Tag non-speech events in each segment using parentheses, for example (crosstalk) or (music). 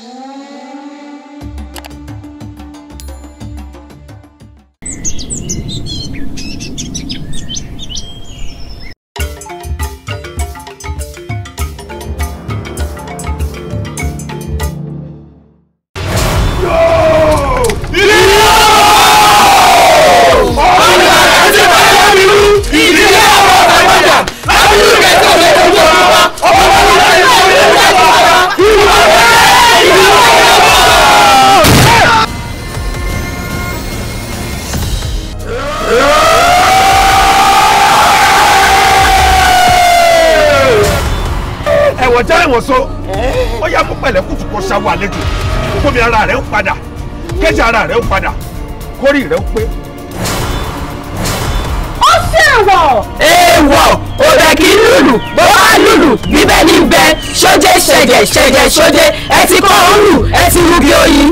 Mm-hmm. wà lẹ́jọ́ kómi ara rẹ̀ ń padà kẹ́jà ara rẹ̀ ń padà kórì rẹ̀ ń pé. ó ṣe èèwọ̀. èèwọ̀ òbẹ̀ kì í lùlù bó wá lùlù bíbẹ́ ní bẹ ṣójé ṣẹ̀jẹ̀ ṣẹ̀jẹ̀ ṣójé ẹ ti kọ́ òrù ẹ ti rúbi oyin.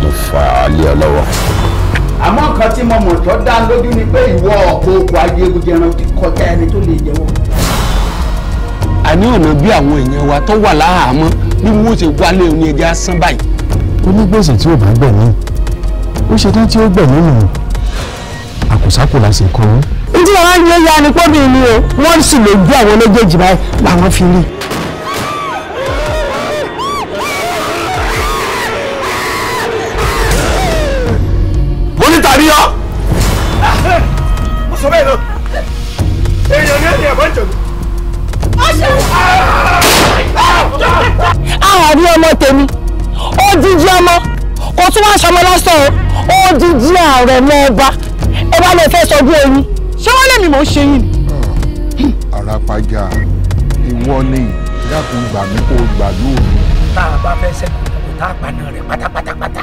mo fà á lé ọ lọ́wọ́ àmọ́ nǹkan tí mo mọ̀ tó dá lójú ni pé ìwọ ọ̀pọ̀ ayélujára ti kọjá ẹni tó lè jẹ́wọ́ a ní ọ̀nà bí àwọn èèyàn wa tó wà láhàámọ́ bí wọ́n ṣe wálé oní ẹja sán báyìí. onígbèsè tí ò bá gbẹ̀mí ó ṣe tán tí ó gbẹ̀mí nù àkùsákù la ṣe kọ́ ọ́. ìdí àwọn àyè ya ni pọ́bì ni o wọ́n sì lè gbé àwọn méjèèjì báyìí làwọn fi rí i. ààrẹ mọ́ ọba ẹ wá lè fẹ́ sọdún oyin ṣé wọ́n lèmi mò ń ṣe yín ni. Hmm, àràpàjà ìwọ ni dákun gbà mí kó gbà lóòrùn. tá a bá fẹ́ sẹ́kù kò tá a paná rẹ̀ pátápátápátá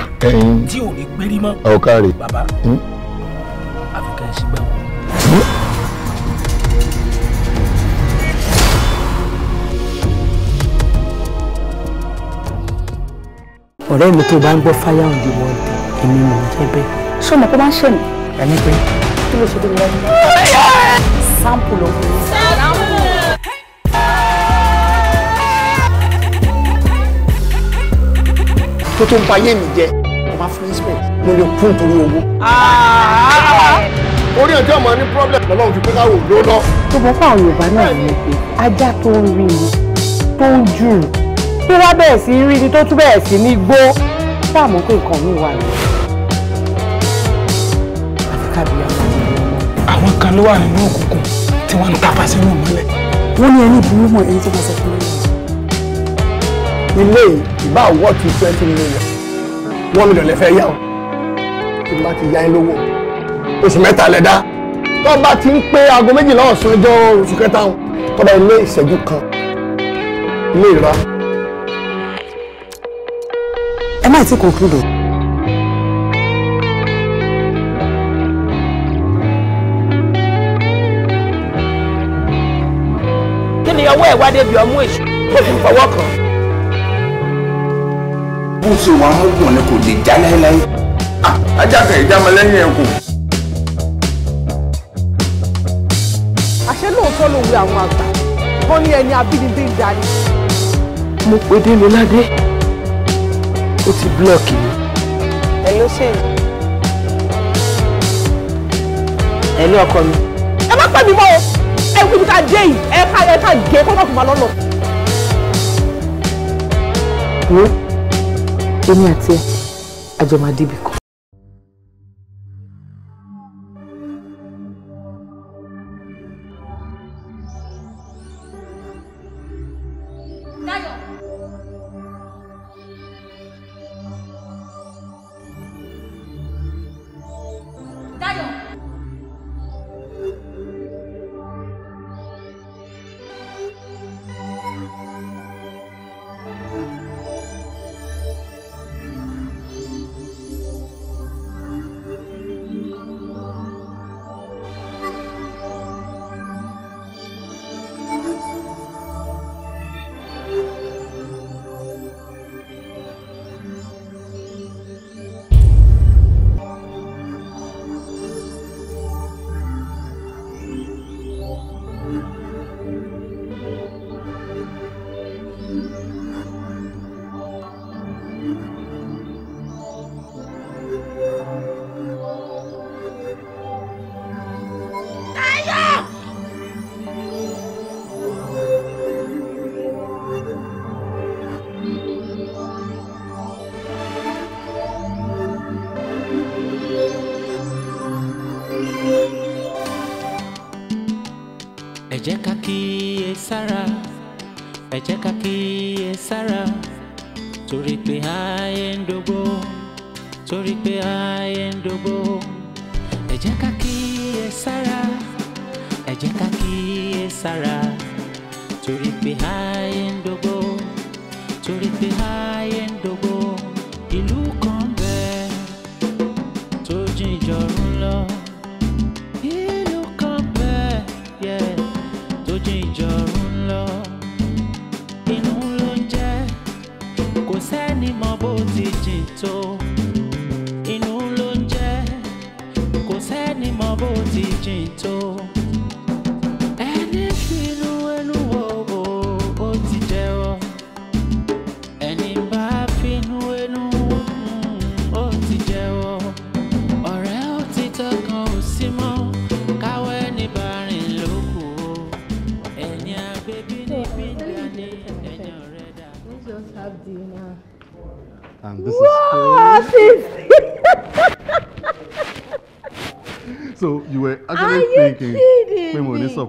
tí ò ní gbérí mọ́. ọ̀ká rè bàbá hmm. àfikà ìṣìgbà wò. ọ̀rẹ́ mi tó bá ń gbọ́ fire on the wall èmi mò ń jẹ́ bẹ́ẹ̀ ṣé o mọ̀ pé ó máa ń ṣe mí. ẹni pé kí tó mi. tó tó ń ba ayé mi jẹ mo máa fún ismail mo lè kú nítorí owó. Ah! orí ẹjọ́ ọmọ ní problem lọ́lọ́run fi pé káwọ́ ló lọ. tó bọ́ fún àwọn Yorùbá náà ni pé ajá tó ń rí ni tó ń jù tó wá bẹ̀rẹ̀ sí rí ni tó tún bẹ̀rẹ̀ sí ní gbó fáàmù pé nǹkan mi wà kábíyàmọ. àwọn kan ló wà nínú òkùnkùn tí wọ́n ń tàpá sínú ìmọ́lẹ̀. wọ́n ní ẹni burú mọ̀ ẹni tó bá sọ fún mi. ilé ìbá wọ́ ti twenty million wọ́n mi lọ́lẹ̀ fẹ́ yá o tí bá ti yá ẹ lówó oṣù mẹ́ta lẹ́dá tó bá ti ń pé aago méjìlá ọ̀sán ọjọ́ oṣù kẹta tọ́ba ilé ìṣẹ́jú kan ilé ìra. ẹ má ti conclude o. ni ọwọ́ ẹ̀ wá ọmú èṣù kò fi fọwọ́ kàn. bó ṣe wà mọ́gbọ̀n ni kò lè já láéláé. Ah, ajá kan ìjámọ lẹ́yìn ẹ̀ àṣẹ lóòótọ́ ló wí àwọn àgbà wọ́n ní ẹni abínibí ń darí. mo pe délé ládé ó ti búlọ̀kì mi. ẹ ló ṣe é. ẹ ní ọkọ mi. ẹ má pè mí mọ́ o ẹ kú ta dé yìí ẹ ká ẹ ká gé kọ́kọ́ kò máa lọ́lọ́. wo èmi àti ẹ àjọ máa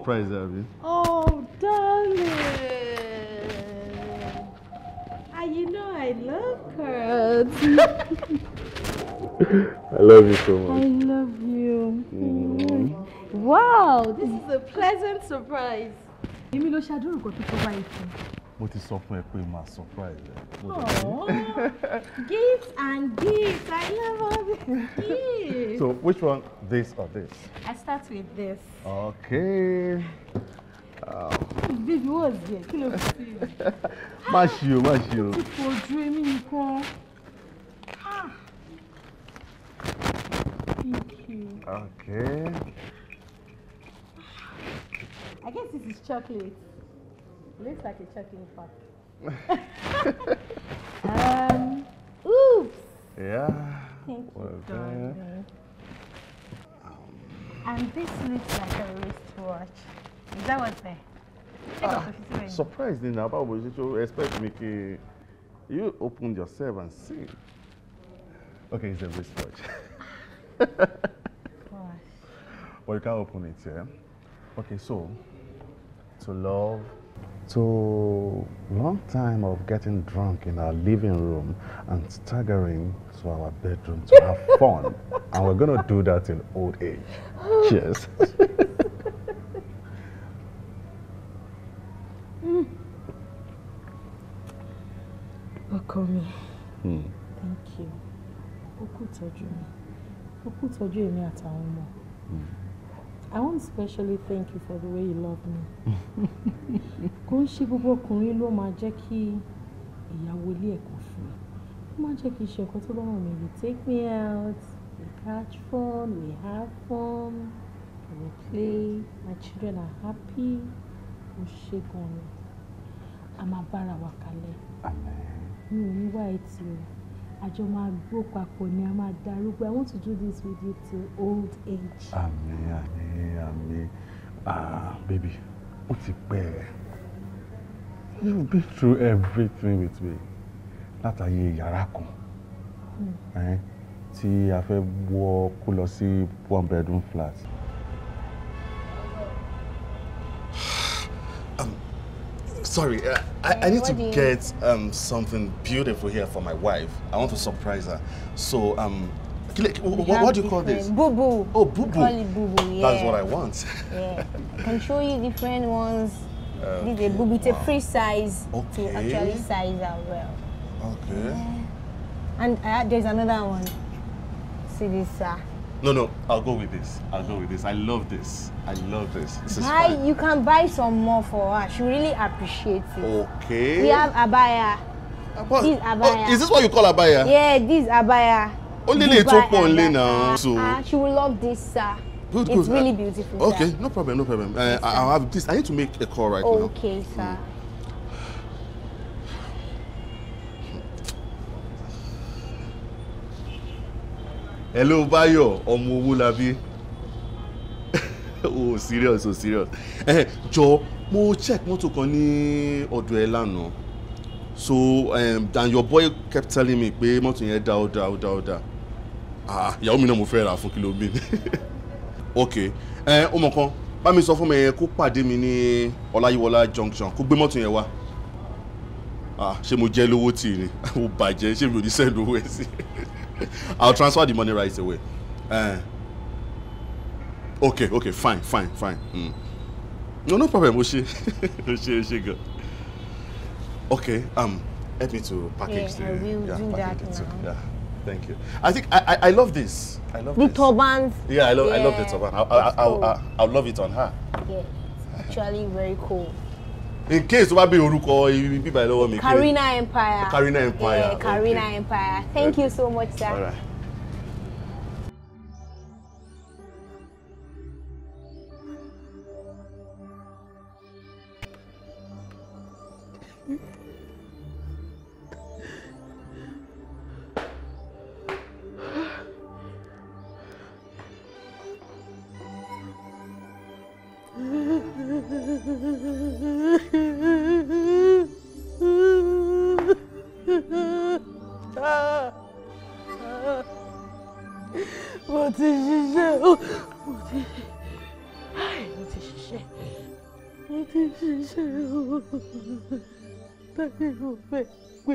price àbí. Eh, oh darling ah you know i love curds. (laughs) i love you so much. i love you. Mm. wow this is a pleasant surprise. èmi ló ṣàdúrà nǹkan tó tó báyìí fún mo ti sọ fún ẹ pé màá surprise ẹ. gifts and gifts I love all gifts. so which one this or this. I start with this. okay. Bíbí wọ́n zi ẹ̀ kí ló fi sí i? (laughs) Má ṣe o, má ṣe o. ti pọ̀ ju èmi nìkan. Ah. Thank you. Okay. I guess this is chocolate. Looks like a choking factory. (laughs) um, oops. Yeah. Thank you, God. and this looks like a wristwatch. Is that what's there? Ah, surprising now, but would you expect me to... You open yourself and see. Okay, it's a wristwatch. (laughs) Gosh. Well, you can not open it, yeah? Okay, so, to love So, long time of getting drunk in our living room and staggering to our bedroom to have (laughs) fun. And we're going to do that in old age. Cheers. (laughs) ọkọ mi hmm. thank you ó kú tọ́jú mi ó kú I want to specially thank you for the way you love me. Kò ń ṣe gbogbo ọkùnrin ló máa jẹ́ kí ìyàwó ilé ẹ̀kọ́ fún mi. Ó máa jẹ́ kí iṣẹ́ ẹ̀kọ́ tó bá wù mí. You take me out, we catch fun, we have fun, we play, my children are happy. Ó ṣe gan-an. A máa bára wa kalẹ̀. Mi ò ní wá ẹ̀ tì o àjọ máa gbó papọ̀ ni a máa darúgbó I want to do this with you till old age. àmín àmín àmín ah baby ó ti pẹ́ ẹ́ you been through everything with me látàyè yàrá kan hmm. tí a fẹ́ wọ kó lọ sí one bedroom flat. Sorry, uh, I, uh, I need to get um, something beautiful here for my wife. I want to surprise her. So, um, like, what, do you call this? Boo-boo. Oh, boo-boo. Call it boo-boo, yeah. That's what I want. yeah. (laughs) Can show you different ones. Okay. This is a boo-boo. It's wow. a free size okay. to actually size out well. Okay. Yeah. And uh, there's another one. See this, sir. Uh, No, no, I'll go with this. I'll go with this. I love this. I love this. This is buy, You can buy some more for her. She really appreciates it. Okay. We have abaya. Uh, what? This oh, abaya. Oh, is this what you call abaya? Yeah, this abaya. Only little pọ̀ nle now. So. Ah, she will love this, sir. Good, good. It's really uh, beautiful. Okay, sir. no problem, no problem. Uh, I'll have this. I need to make a call right okay, now. Okay, sir. Mm. hello Bayo. ọmọ owó labí (laughs) oh serious oh serious eh, jọ mo check mọ́tò kan ní ọ̀dọ̀ ẹ lánàá so um, and your boy kept telling me pé mọ́tò yẹn dá ó dá ó dá ó dá ah ìyàwó mi náà mo fẹ́ rà fún kìlọ̀ mi (laughs) ok eh, ó mọ̀ kan bá mi sọ fún mi yẹn kó pàdé mi ní ọláyíwọlá junction kó gbé mọ́tò yẹn wá ah ṣé mo jẹ́ lówó tì ní (laughs) ó bàjẹ́ ṣé mi ò ní sẹ́ẹ̀ lówó ẹ̀ sí (laughs) I'll transfer the money right away. Uh, okay, okay, fine, fine, fine. Mm. No, no problem, Oshi. Oshi, Oshi, good. Okay, um, help me to package yeah, the... I will yeah, do that now. Yeah, thank you. I think, I, I, I love this. I love the this. turbans. Yeah, I love, yeah. I love the turban. I'll, I'll, I'll, I'll I, love it on her. Yeah, it's actually very cool in case wọ́n bá bí ibi bíbá ẹ lọ́wọ́ mi. Karina Empire. Karina Empire. Yeah, Karina okay. Empire. Thank okay. you so much sir. 啊！我究是谁？我，我，哎，我究是谁？我究是谁？我到底会不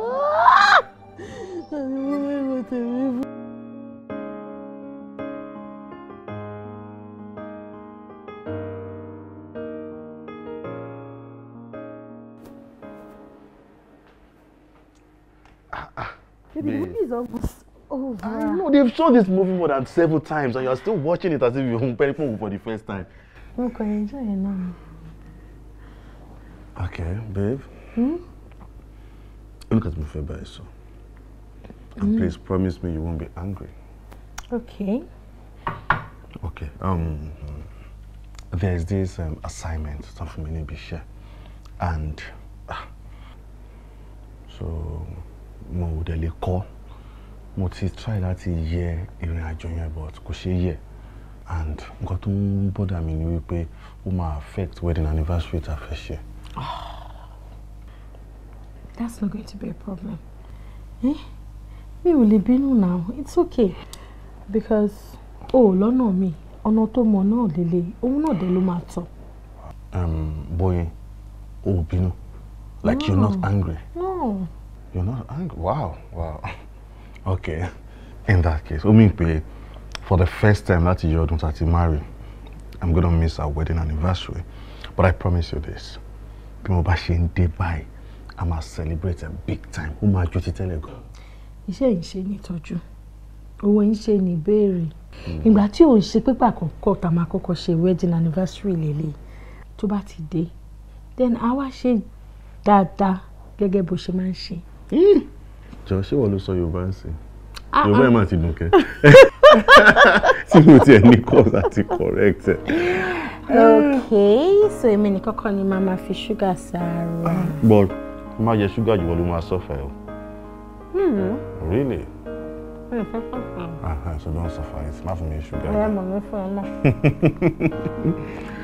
啊！到底会我到底 Baby, the movie is almost over. I know, they've shown this movie more than several times and you're still watching it as if you're home (laughs) for the first time. Look, I enjoy it now. Okay, babe. Hmm? Look at me for by so. And mm. please promise me you won't be angry. Okay. Okay. Um there's this um, assignment something we need to share. And uh, so mo ò dẹ̀ lè kọ́ mo ti try láti yẹ ìrìn àjò yẹn but kò ṣeé yẹ and nǹkan tó ń bọ́dà mi ni wípé ó máa affect wedding anniversary tá fẹ́ ṣe. Ah, that's not going to be a problem. Eh? mi ò lè bínú now it's okay because o oh, lọ́nà mi ọ̀nà tó mọ̀ náà lélẹ̀ òun náà dé ló máa tọ̀. Um, bóyá o ò bínú like you're not angry. no You're not angry? Wow, wow. (laughs) Okay. In that case, ó mì for the first time that yọ ọdún tá a marry, I'm gonna miss our wedding anniversary. But I promise you this, bí mo bá ṣe ń dé báyìí, a máa celebrate a big time. Ó máa You ti tẹ́lẹ̀ gan. Iṣẹ́ yìí ṣe ní ìtọ́jú, in yìí ṣe ní ìbéèrè. Hmm. Ìgbà tí òun ṣe pípa àkọ́kọ́ tá a máa kọ́kọ́ ṣe wedding anniversary lélẹ̀ to bá ti dé, then àwa ṣe dáadáa gẹ́gẹ́ bó ṣe máa ń ṣe. Hmm. jọ ṣé wọn ló sọ yorùbá ń sìn ah, yorùbá ẹ̀ um. máa ti dùn kẹ́ (laughs) tí mo tiẹ̀ ní cause àti correct ẹ̀. ok so èmi nìkan kọ́ ni màá máa fi ṣúgà sáárọ̀. but má jẹ ṣúgà jù wọn ló máa suffer o. Hmm. really. ṣùgbọ́n hmm, ah, ah, suffer it má fún mi ṣúgà. ọ̀rẹ́ mọ̀ mi fún ẹ mọ̀. (laughs)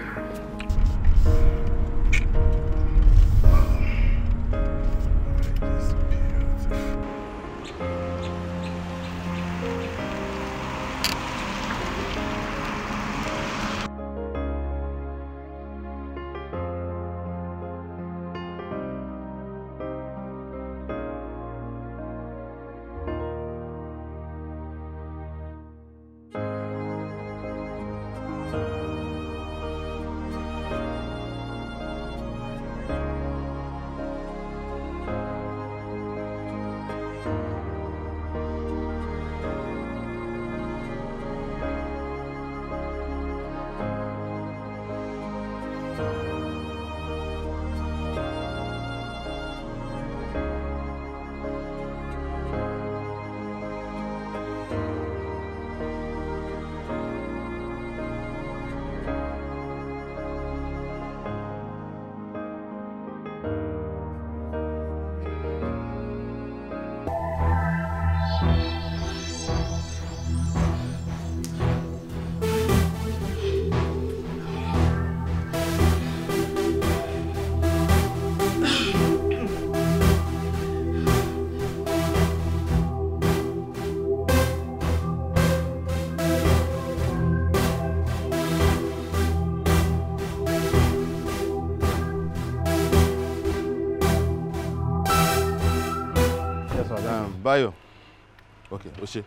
ok o ṣe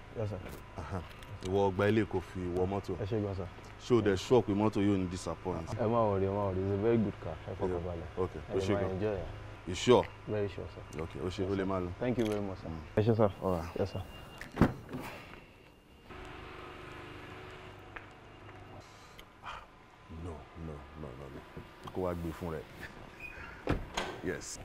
ìwọ ọgbà ilé kò fi wọ mọ́tò ẹ ṣe gbọ́n sà ṣé o pé mọ́tò yóò ní disappoint. ẹ má wọrí ẹ má wọrí it's a very good car ẹ fọkàn balẹ̀ ok o ṣe gan you sure. very sure sir. ok o ṣe o lè máa lọ. thank you very much sir. Mm. ẹ ṣe sir. all right. yes ah, no no no no kó wá gbé fún rẹ yes.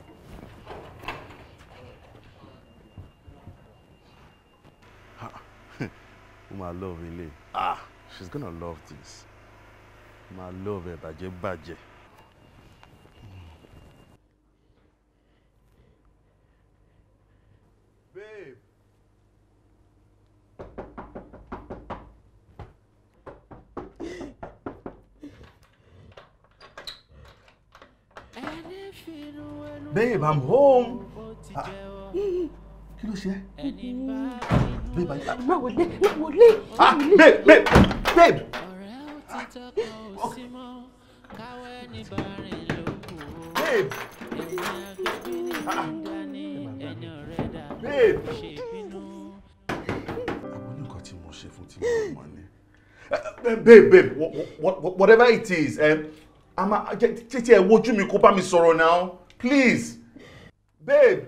My love ilé ah she's gonna love this My love ẹ̀ bàjẹ́ babe. Babe, I'm home. Ah. (laughs) kí ló ṣe é. babe ayé. ah babe babe babe. babe. Ah. ah. babe. àwọn nǹkan tí mo ṣe fún tí eh, eh, babe babe whatever it is ama eh, tètè ẹ wojú mi kó bá mi sorrow now please babe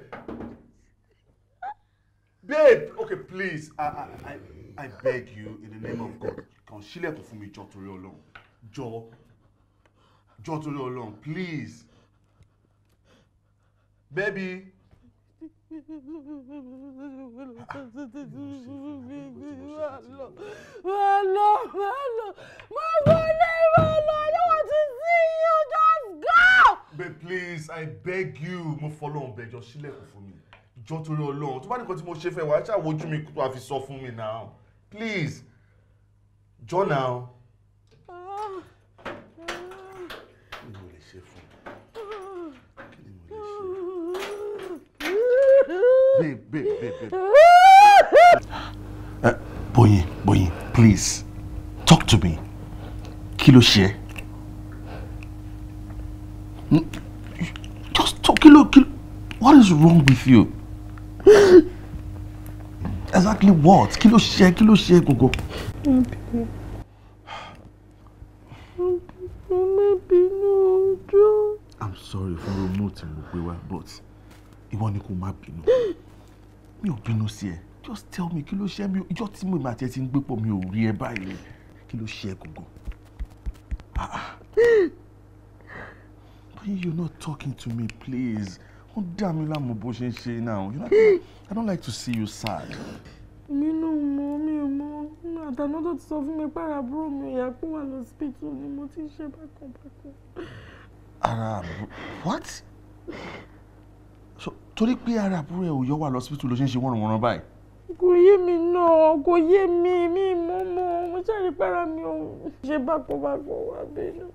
babe okay please i i i beg you in the name of god kàn sílẹ̀kùn fún mi jọ torí ọlọ́run jọ jọ torí ọlọ́run please baby. wà lọ wà lọ mo wọlé wà lọ i don't want to see you just go. babe please i beg you mo fọlọ́run bẹjọ sílẹ̀kùn fún mi jọ torí Ọlọ́run tó bá nìkan tí mo ṣe fẹ́ wàá ṣàwojú mi tó a fi sọ fún mi now please jọ now. babe babe babe babe. Uh, eh, Boyin Boyin please talk to me kí ló ṣe hmm? just talk kí ló kí ló what is wrong with you. (laughs) exactly what kí ló ṣe kí ló ṣe gbogbo. I'm sorry fún ronú tí mo gbé wá but ìwọ ni kò má bínú mi ò bínú sí ẹ just tell me kí ló ṣe mi ìjọ tí mo àti ẹ ti ń gbé pọ̀ mi ò rí ẹ báyìí kí ló ṣe ẹ gbogbo. Ah, ah. But you're not talking to me please. Oh damn it, I'm bó ṣe ń ṣe you know i don't like to see you sad. Me no, mommy, mi ò another àtàná tó ti sọ fún mi pàrọ̀ àbúrò mi ìyá kó wà lọ́sibítù ni mo ti ń ṣe bákan bákan. ara what so torí pé ara àbúrò ẹ ò yọ wà lọ́sibítù ló ṣe ń ṣe wọ́nrọ̀wọ́nrọ̀ báyìí. kò yé mi náà kò yé mi mi mọ́ mọ́ mo ṣàrí para mi ò ṣe bákan bákan wà bínú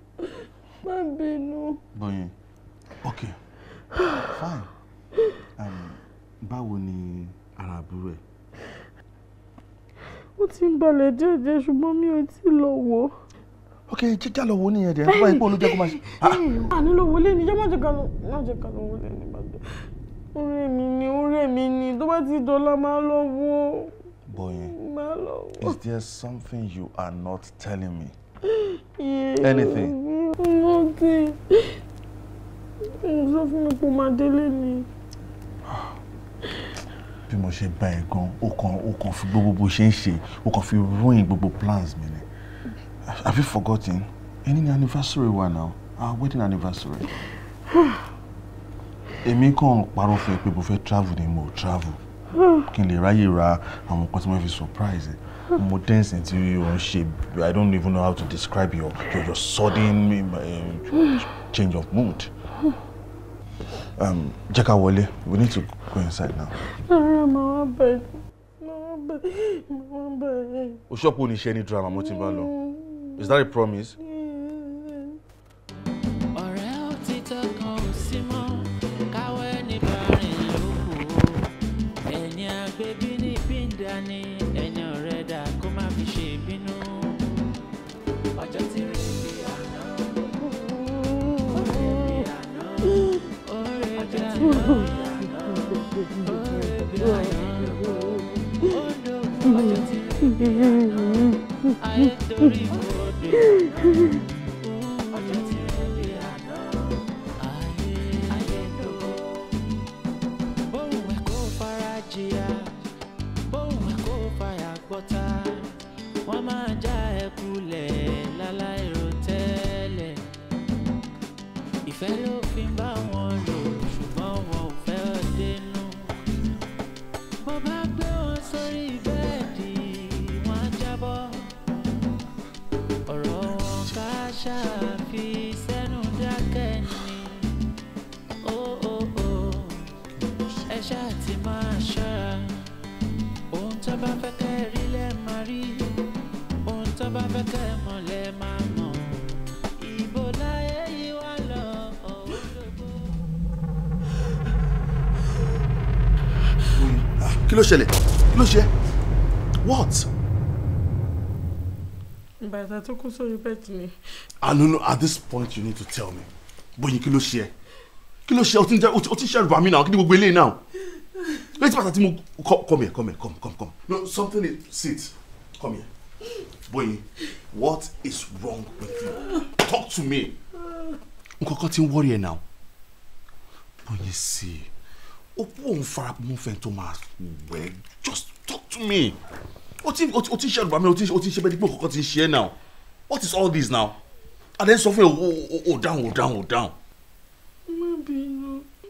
má bínú. bọ́yìn okay fine um, báwo ni ara àbúrò ẹ̀. ó ti ń balẹ̀ díẹ̀díẹ̀ ṣùgbọ́n mi ò tí ì lọ wò ó. ok jíjà lọ wo nìyẹn dẹ̀ nípa ipò olùjẹ́ kó máa ṣe. àní ló wọlé ní jẹ́ má jẹ́ ká lọ má jẹ́ ká lọ wọlé ní bàjẹ́. ó rẹ̀ mí ni ó rẹ̀ ni tó bá ti dọ̀la máa lọ wò ó. Eh, is there something you are not telling me? (gasps) Anything? Nothing mo sọ fún mi pé ó máa délé ni. bí mo ṣe bá ẹ gan o kàn o kàn fi gbogbo bó ṣe ń ṣe o kàn fi ruin gbogbo plans mi ni have you forgotten ẹni ni anniversary wa now our wedding anniversary èmi kàn parọ́ fún ẹ pé mo fẹ́ travel ni mo travel kí n lè ráyè ra àwọn nǹkan tí wọ́n fi surprise ẹ̀ mo dance tí o ń ṣe i don't even know how to describe your your, your sudden um, change of mood. Um, jẹ́ ká we need to go inside now. ara màá bẹ̀ màá bẹ̀ màá bẹ̀. o ṣọ́pù oníṣẹ́ ní drama mo ti bá is that a promise? ọjọ́ tí mo dé ayé torí ṣẹlẹ̀ kí ló ṣe what. bàtà tó kó sórí bẹ́ẹ̀dì ni. ah no no at this point you need to tell me bóyin kí ló ṣe ẹ kí ló ṣe ẹ o ti ń jẹ o ti ń ṣe ẹrù mi náà kí ni gbogbo eléyìí náà létí bàtà tí mo come here come here come come come no something is sit come here bóyin what is wrong with you talk to me nǹkan kan ti ń worry ẹ náà bóyin sí i opó òun farapamọ́ fẹ́ tó máa wẹ̀ just talk to me o ti o ti ṣe àdùbàmí o ti ṣe bẹ́ẹ̀ dípò kọ́kọ́ ti ṣe é now what is all this now adé sọ fún ẹ o down o down o down.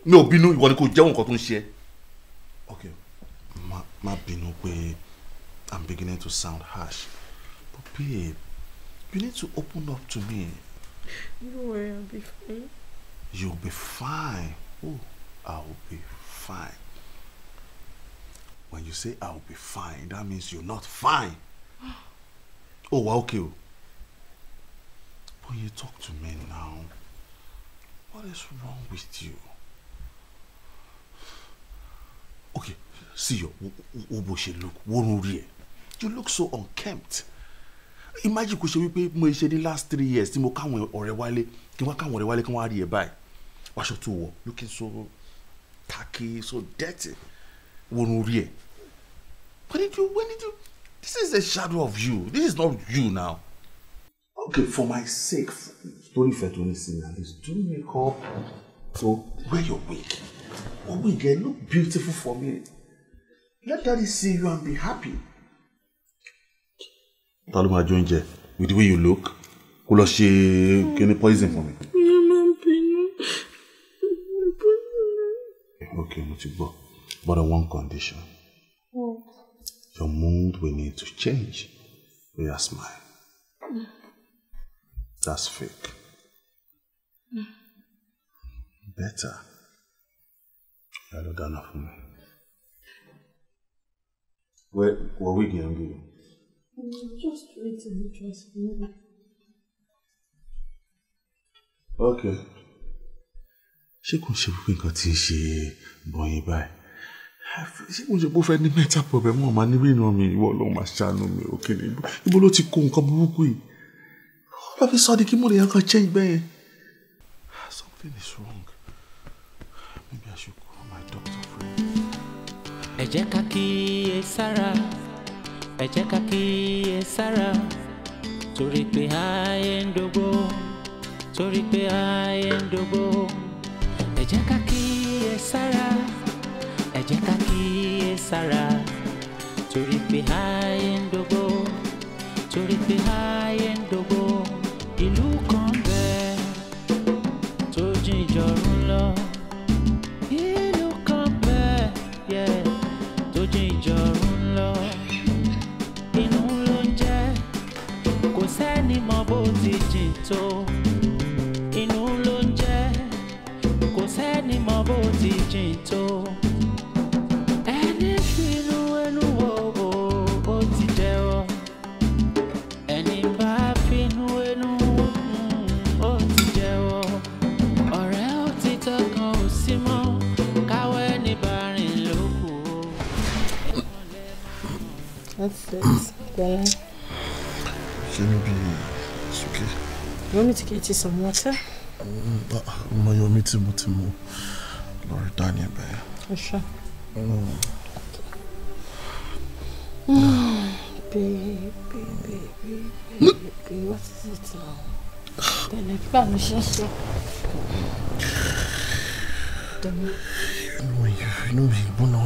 mi ò bínú ìwọ ni kò jẹ́wọ́ nǹkan tó ń ṣe ẹ́. ok má má bínú pé i'm beginning to sound harsh but babe you need to open up to me. don't worry i'll be fine. you'll be fine oh i'll be fine fine. When you say I'll be fine, that means you're not fine. (gasps) oh, wow, okay. Oh. But you talk to me now. What is wrong with you? Okay, see you. Oboshe look, one rear. You look so unkempt. Imagine kò ṣe wípé mo ṣe ní last three years tí mo káwọn ọ̀rẹ́ wálé kí wọ́n káwọn ọ̀rẹ́ wálé kí wọ́n á rí ẹ̀ báyìí. looking so tacky, so dirty. When we When did you, when did you, this is a shadow of you. This is not you now. Okay, for my sake, don't if to listen at least do make up. So wear your wig. Oh, wig, eh, look beautiful for me. Let daddy see you and be happy. Ta ló máa with the way you look kó she ṣe kíní poison for me. okay, Mutibo, but on one condition. What? Hmm. Your mood will need to change. We are smile. Hmm. That's fake. Mm. Better. Hello, Dana, for me. Where, where we can be? Hmm, just wait till trust me. Okay. ṣé kò ṣe wípé nǹkan tí ń ṣe bọ̀yìn báyìí ṣé kò ṣe bó fẹ́ ní mental problem wọn máa níbí ìran mi ìwọ ló máa ṣàánú mi òkè ní ibo ló ti kó nǹkan burúkú yìí wọ́n bá fi sọ di kí mo lè yan kan change bẹ́ẹ̀ something is wrong maybe I should call my doctor friend. ẹ jẹ́ ká kíyè sára ẹ jẹ́ ká kíyè sára torí pé ayé ń dógó torí pé ayé ń dógó jẹ́ ká kíyè sára ẹ jẹ́ ká kíyè sára torí pé ayé ń dógó torí pé ayé ń dógó ìlú kan bẹ́ẹ̀ tó jìn ìjọ̀run lọ ìlú kan bẹ́ẹ̀ yeah, tó jìn ìjọ̀run lọ inú ló ń jẹ́ kò sẹ́ni mọ bó ti jìn tó. ṣe ni bi sókè. you want me to get you some water. ọmọ yomi tí mo ti mú lórí dání ẹ bẹ́ẹ̀. ọṣọ. Baby, baby, baby, baby, what is it now? Then I found a shelter. You know, you know me, Bono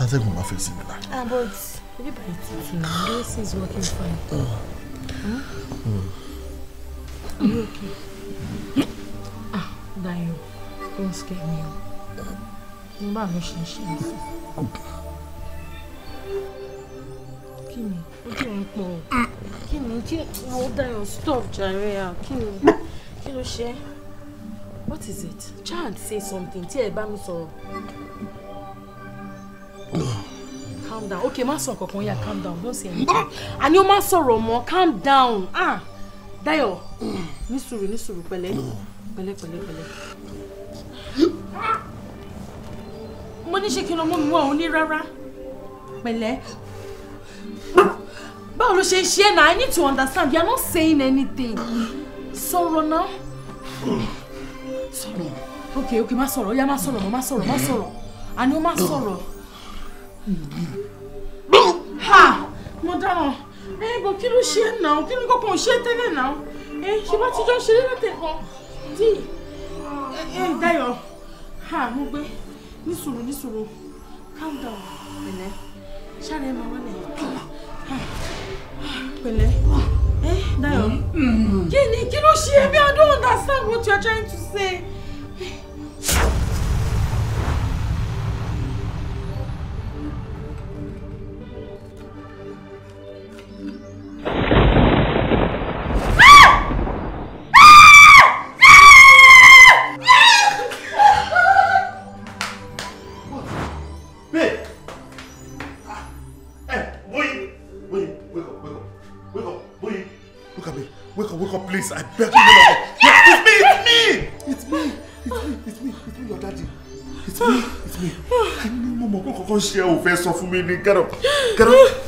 tátẹ́gùn máa fẹ́ sí mi náà. ah but everybody thinking this is working fine. Ah. Hmm? are you okay? ah Dayo don't scare me o nígbà mi ṣe ń ṣe é sí. kí ni ojú ẹ̀ ń pọ̀ kí ni kí wọ́n Dayo stop jàre à kí what is it? chad say something tí ẹ bá mi sọ̀rọ̀ calm down okay má sọ kankan yà calm down don't say anything ah, àní o má sọ̀rọ̀ mọ́ calm down ah Dayọ̀ ní sùúrù ní sùúrù pẹ̀lẹ́ pẹ̀lẹ́ pẹ̀lẹ́ pẹ̀lẹ́. mo ní ṣe kí lọ mú mi wá òun ní rárá pẹ̀lẹ́ báwo ló ṣe ń ṣe náà I need to understand you are not saying anything sọ̀rọ̀ náà sọ̀rọ̀ okay okay má sọ̀rọ̀ ó yá má sọ̀rọ̀ má sọ̀rọ̀ má sọ̀rọ̀ àní ó má sọ̀rọ̀ ha mo dáràn ẹ bọ kí ló ṣe é náà kí ló kọkàn ṣe é tẹ́lẹ̀ náà ẹ eh, ṣe bá tíjọ́ ṣe é látẹ̀kọ́ tí ẹ eh, eh, Dayọ̀ ha mo gbé ní sùúrù ní sùúrù calm down pẹ̀lẹ́ ṣáre máa wọlé pẹ̀lẹ́ ẹ Dayọ̀ mm-hmm. kí ni kí ló ṣe é bí I don't understand what you are trying to say. dominicano. Creo,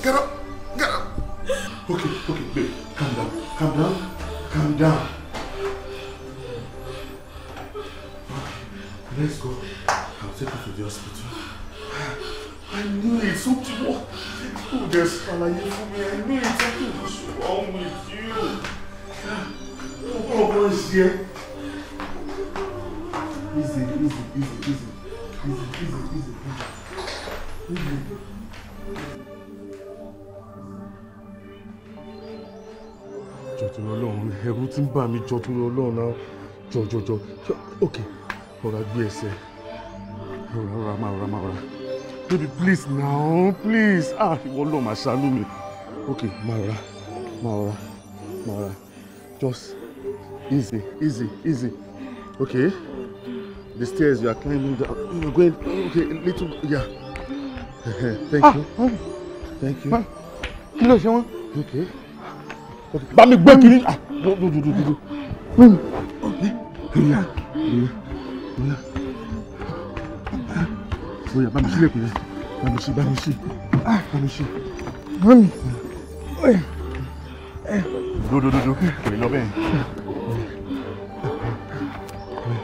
gbà mí jọ torí ọlọ́run náà jọ jọ jọ ok ọ̀rá gbé ẹsẹ̀ ọ̀rá ọ̀rá máa ọ̀rá máa ọ̀rá baby please now please ah ìwọ lọ máa ṣàánú mi ok máa ọ̀rá máa ọ̀rá máa ọ̀rá just easy easy easy ok the stairs you are climbing down you are going okay a little yeah (laughs) ah, ah. thank you thank ah, you kí ló ṣe wọn. okay bá mi gbé kiri. Ah, bóyá bá mi sílẹ̀ kúrẹ́ bá mi sí bá mi sí bá mi sí. mami dodododo kò lè lọ bẹ́ẹ̀.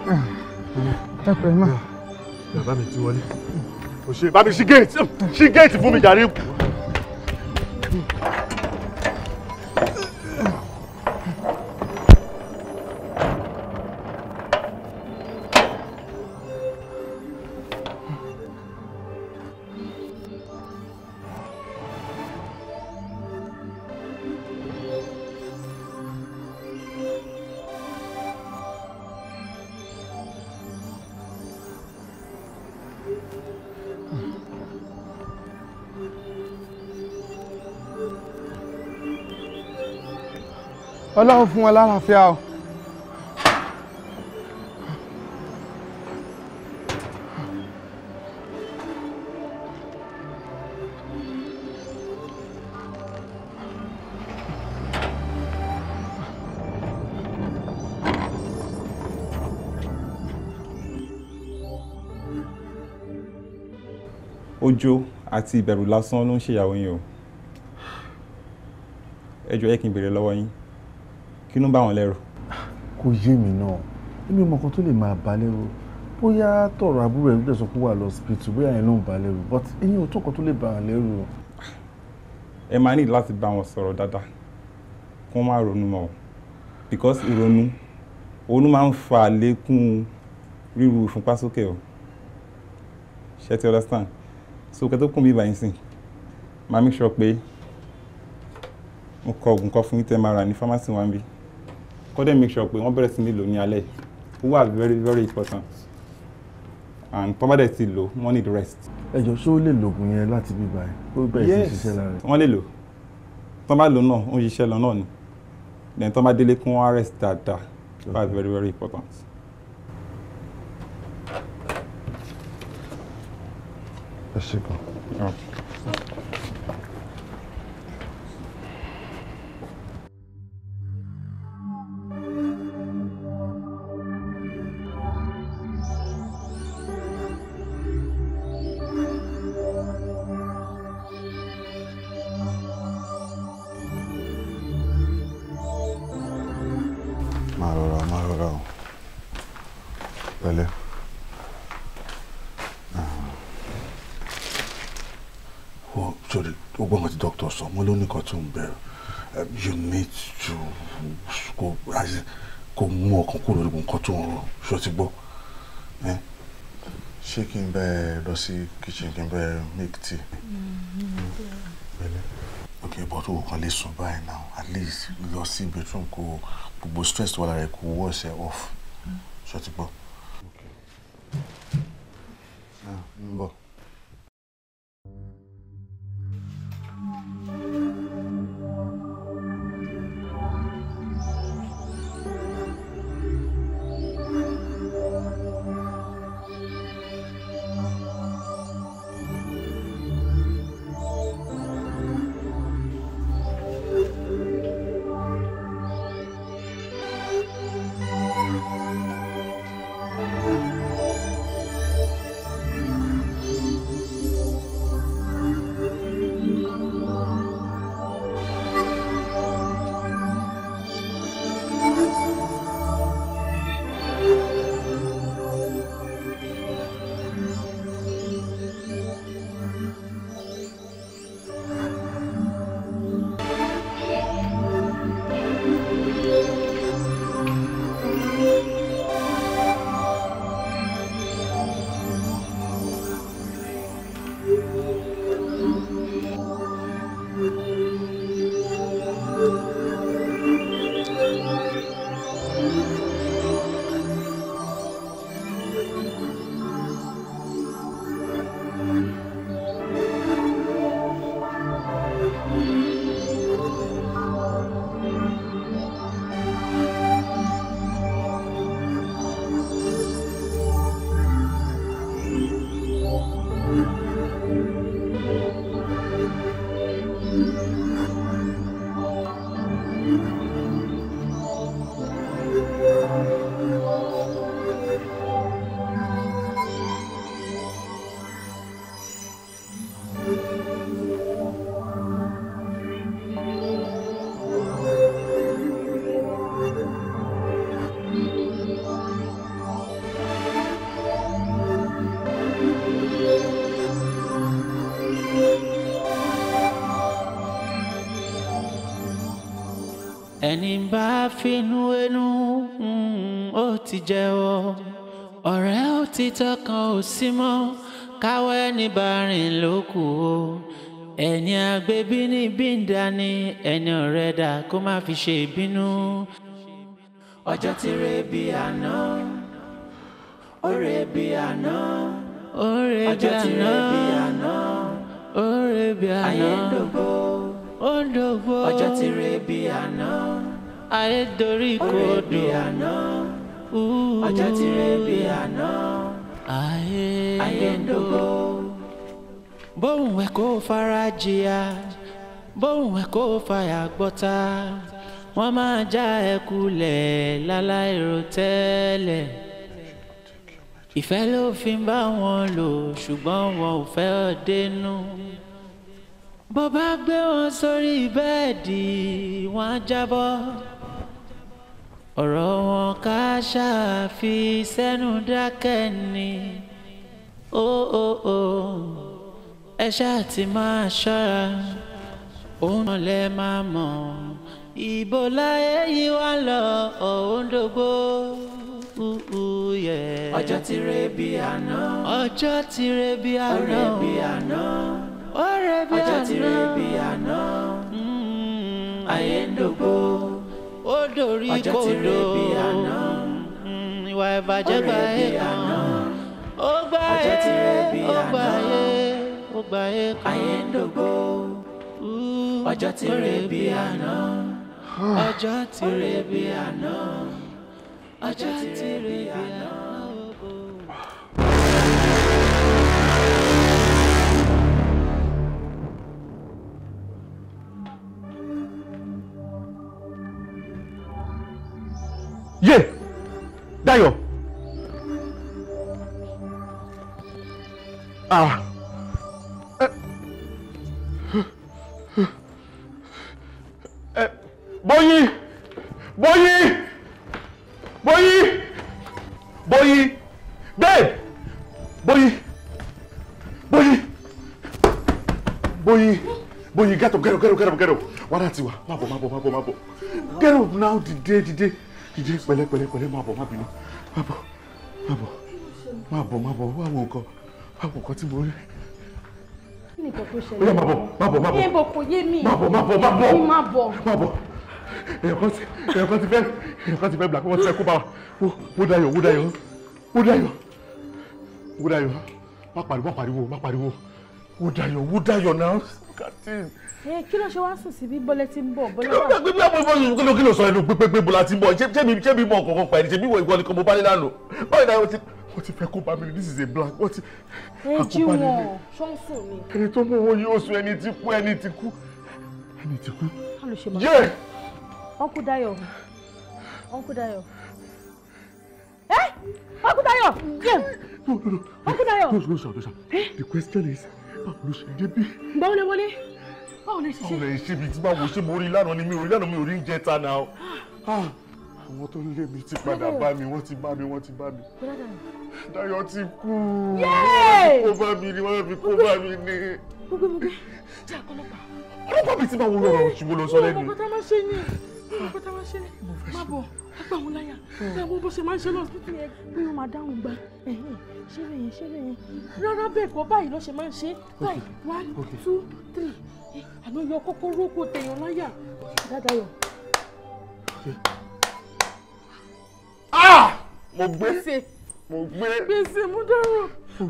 ẹ pẹ̀lú náà. bàbá mi ti wọlé. kò ṣe bá mi ṣí géètì ṣí géètì fún mi jàre. ọlọ́run fún wọn lálàáfíà o. ọjọ́ àti ìbẹ̀rù lásán ló ń ṣèyàwó yín o ẹ jọ̀ọ́ ẹ kí n béèrè lọ́wọ́ yín kí ló ń bá wọn lẹ́rù. kò yé mi náà èmi ò mọ nǹkan tó lè máa bà lẹ́rù bóyá tọrọ àbúrò ẹ̀ ló sọ pé wà lọ hospital bóyá ẹ̀ ló ń bà lẹ́rù but eyín ò tó nǹkan tó lè bà lẹ́rù. ẹ máa ní láti bá wọn sọ̀rọ̀ dáadáa kí wọ́n má ronú mọ́ because ìrònú òun máa ń fa àlékún ríru ìfúnpá sókè o ṣe ti understand so kẹtó kún bíbá yín sìn máa make sure pé mo kọ oògùn kan fún yín tẹ́ máa rà ní pharmacy wa ń bí kọ́ dẹ̀ make sure pé wọ́n bẹ̀rẹ̀ sí ní lò ní alẹ́ ó wà very very important and tó bá dẹ̀ ti lò wọ́n need rest. ẹ jọ ṣé ó lè lògùn yẹn láti bíbá ẹ ó bẹ̀rẹ̀ sí ṣiṣẹ́ lára ẹ. wọ́n lè lò tó bá lò náà ó ń ṣiṣẹ́ lọ ni then tó bá délé kí wọ́n rest that's very very important. Let's go. gan. ṣó ti gbọ́ ṣé kí n bẹ ẹ lọ sí kitchen kí n bẹ ẹ make tea. ok but o kàn lè sùn báyìí now at least lọ sí bedroom kó gbogbo stress tó wà lára kó wọ́ọ̀sẹ̀ off ṣó ti gbọ́. ẹni bá finú ẹnu mm, ó ti jẹ́wọ́ ọ̀rẹ́ ó ti tọkàn ó sí mọ́ káwọ́ ẹni bá rìn lókù o ẹni àgbébí ní bíńdà ni ẹni ọ̀rẹ́ dà kó má fi ṣe ìbínú ọjọ́ ti re bí àná ó re bí àná ó re bí àná ó re bí àná ayé ń dògbò ó ń dògbò ọjọ́ ti re bí àná ayé dorí kodò ọjọ́ ti rẹ̀ bí àná ayé ń dogo. bóun ẹ̀ kó fara jìyà bóun ẹ̀ kó fàyà gbọ́ta wọ́n máa já ẹ kulẹ̀ láláìrò tẹ́lẹ̀ ìfẹ́ ló fi ń bá wọn lò ṣùgbọ́n wọn ò fẹ́ dénú bó bá gbé wọn sórí bẹ́ẹ̀dì wọn á jábọ́ ọ̀rọ̀ wọn ká ṣàfi sẹ́nu dákẹ́ ni ó ó ó ẹ ṣáà ti máa ṣọ́ra òun náà lẹ máa mọ̀ ìbò láyé yìí wá lọ òun dògbò yẹ. ọjọ́ ti re bí àná. ọjọ́ ti re bí àná. ó re bí àná. ó re bí àná. ọjọ́ ti re bí àná. Mm-hmm. ayé ń dògbò ó dorí kodò hmm, ìwà ìbàjẹ́ gba ẹ̀ kan ó gbà yé ó gbà yé ó gbà yé kan. ayé ń dògbò ọjọ́ ti rè bí àná ọjọ́ ti rè bí àná ọjọ́ ti rè bí àná. yé Dayọ̀ ah ẹ eh! eh! bóyí bóyí bóyí bóyí babe bóyí bóyí bóyí bóyí get up get up get up get up get up wàhálà tiwa má bọ̀ má bọ̀ má bọ̀ get up now dìde dìde ìdí pẹ̀lẹ́ pẹ̀lẹ́ pẹ̀lẹ́ máa bọ̀ má bínú má bọ̀ má bọ̀ má bọ̀ má bọ̀ wá wo nǹkan wá wo nǹkan tí mo rí. kí ni nǹkan tó ṣẹlẹ̀. bóyá má bọ̀ má bọ̀ má bọ̀. yéèbọ̀ kò yé mi. má bọ̀ má bọ̀ má bọ̀. kí má bọ̀. má bọ̀ èèyàn kan ti fẹ́ èèyàn kan ti fẹ́ bìlà kí wọ́n ti fẹ́ kó bá wa wó dayọ̀ wó dayọ̀ wó dayọ̀ wó dayọ̀ má pariwo má pariwo má pariwo wó dayọ̀ wó dayọ̀ náà thirteen. ẹ eh, kí ló ṣe wá sùn síbí bọ́lẹ̀ tí ń bọ̀ bọ́lẹ̀ wà. kí ló gbé bí ọmọ ìfọwọ́sọ sùn kí ló kí ló sọ ẹnu pípé bọ́lá tí ń bọ̀ ṣé mi mọ ọ̀kọ̀ọ̀kan pẹ̀lú ṣe mi wọ ìwọ nìkan mo bá nílànà báyìí náà wọ́n ti fẹ́ kó bá mi ní this is a black wọ́n ti àkóbá eh, nílé. ẹni tó mú owó yóò sùn ẹni tí kú ẹni tí kú ẹni tí kú. yé. uncle Dayo uncle Dayo. ẹ eh? uncle Dayo. uncle Dayo. no no no the question is ló ṣe débi. báwo lè wọlé báwo lè ṣe. báwo lè ṣe bí tí bá wo ṣé mo rí lánàá ni mi ò rí lánàá mi ò rí ń jẹ ta náà. Ah. Ah, àwọn tó ń lé mi ti padà bá mi wọ́n ti bá mi wọ́n ti bá mi. Dayọ̀ ti kú. wọ́n fi kó bá mi ni wọ́n fi kó bá mi ni. ọlọ́pàá mi ti máa wo lọ́rọ̀ òṣùwò lọ sọ lẹ́nu. ọlọ́pàá tá a máa ṣe ni ọlọ́pàá tá a máa ṣe ni má bọ̀ ẹgbẹ́ àwọn láyà ẹ̀wọ̀n bó ṣe máa ń ṣe lọ síbi yẹn pé wọ́n máa dáhùn gba ṣé bẹ́ẹ̀ yẹn ṣé bẹ́ẹ̀ yẹn rárá bẹ́ẹ̀ kọ́ báyìí ló ṣe máa ń ṣe báyìí one two three àná yọ kókóró kò tẹ̀yàn láyà dáadáa mo gbé mo gbé gbèsè mo dárò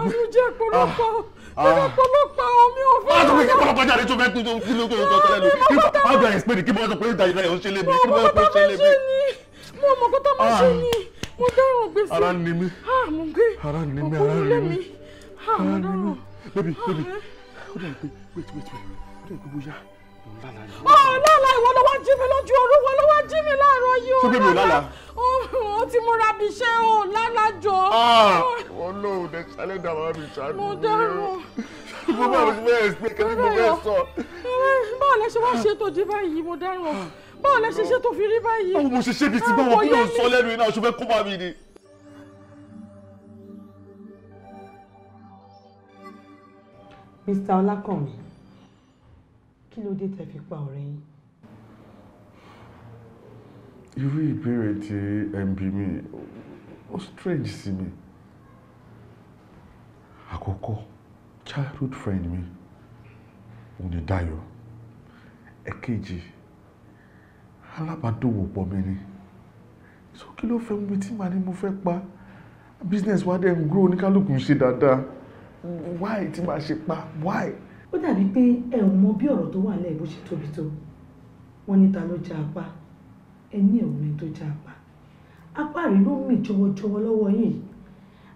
àlùjẹ pọlọpọ pọlọpọ omi ò fẹ́. báwo ni kí pọlọpọ jáde tó fẹ́ tó tó kí ló tó tó tẹ́lẹ̀ lò kí báwo ni kí bọ́lá sọ pé ìdájọ́ yẹn ń ṣe lébi kí bọ́lá sọ pé ń ṣe lébi mo mọ̀ kó tó máa ṣe ah. ni mo dáràn gbèsè ara ni mi ah, ara ni mi ah, ara ni mi ara ni mi bébì bébì ó dà pé wait wait wait ó dà pé bóyá lọ́la oh, ìwọ ló wá jí mi lójú òru ìwọ ló wá jí mi láàárọ̀ yìí o lọ́la o ti múra bí iṣẹ́ o oh, lọ́la jọ. Oh. wọ́n lò ó dé sálẹ̀ dàbọ̀ mi ṣáájú. mo dárò. mo bá mi bẹ́ẹ̀ ṣe kí ni mo bẹ́ẹ̀ sọ. báwo lẹ ṣe wá ṣètò dé báyìí mo dárò báwo lẹ ṣe ṣe tó fi rí báyìí. báwo mo ṣe ṣe bíi ti báwọn kí ló ń sọ lẹ́nu iná ṣùgbọ́n kó bá mi ni. Mr. Ọlákànmí kí ló dé tẹ́ fi pa ọ̀rẹ́ yín. irú ìbéèrè tí ẹ ń bi mí ó strange sí mi àkọ́kọ́ childhood friend mi ò ní Dayọ̀ ẹ̀kejì. E alábàádòwòpọ̀ mi ni so kí ló fẹ́ mi tí màá ní mo fẹ́ pa business wa dẹ̀ ń grow oníkálukú ń ṣe dáadáa why tí màá ṣe pa why. ó dàbí pé ẹ ò mọ bí ọ̀rọ̀ tó wà lẹ́yìn bó ṣe tóbi tó wọ́n ní ta ló já apá ẹ ní ẹ̀ omi tó já apá apá rẹ̀ ló mì jọwọ́jọwọ́ lọ́wọ́ yìí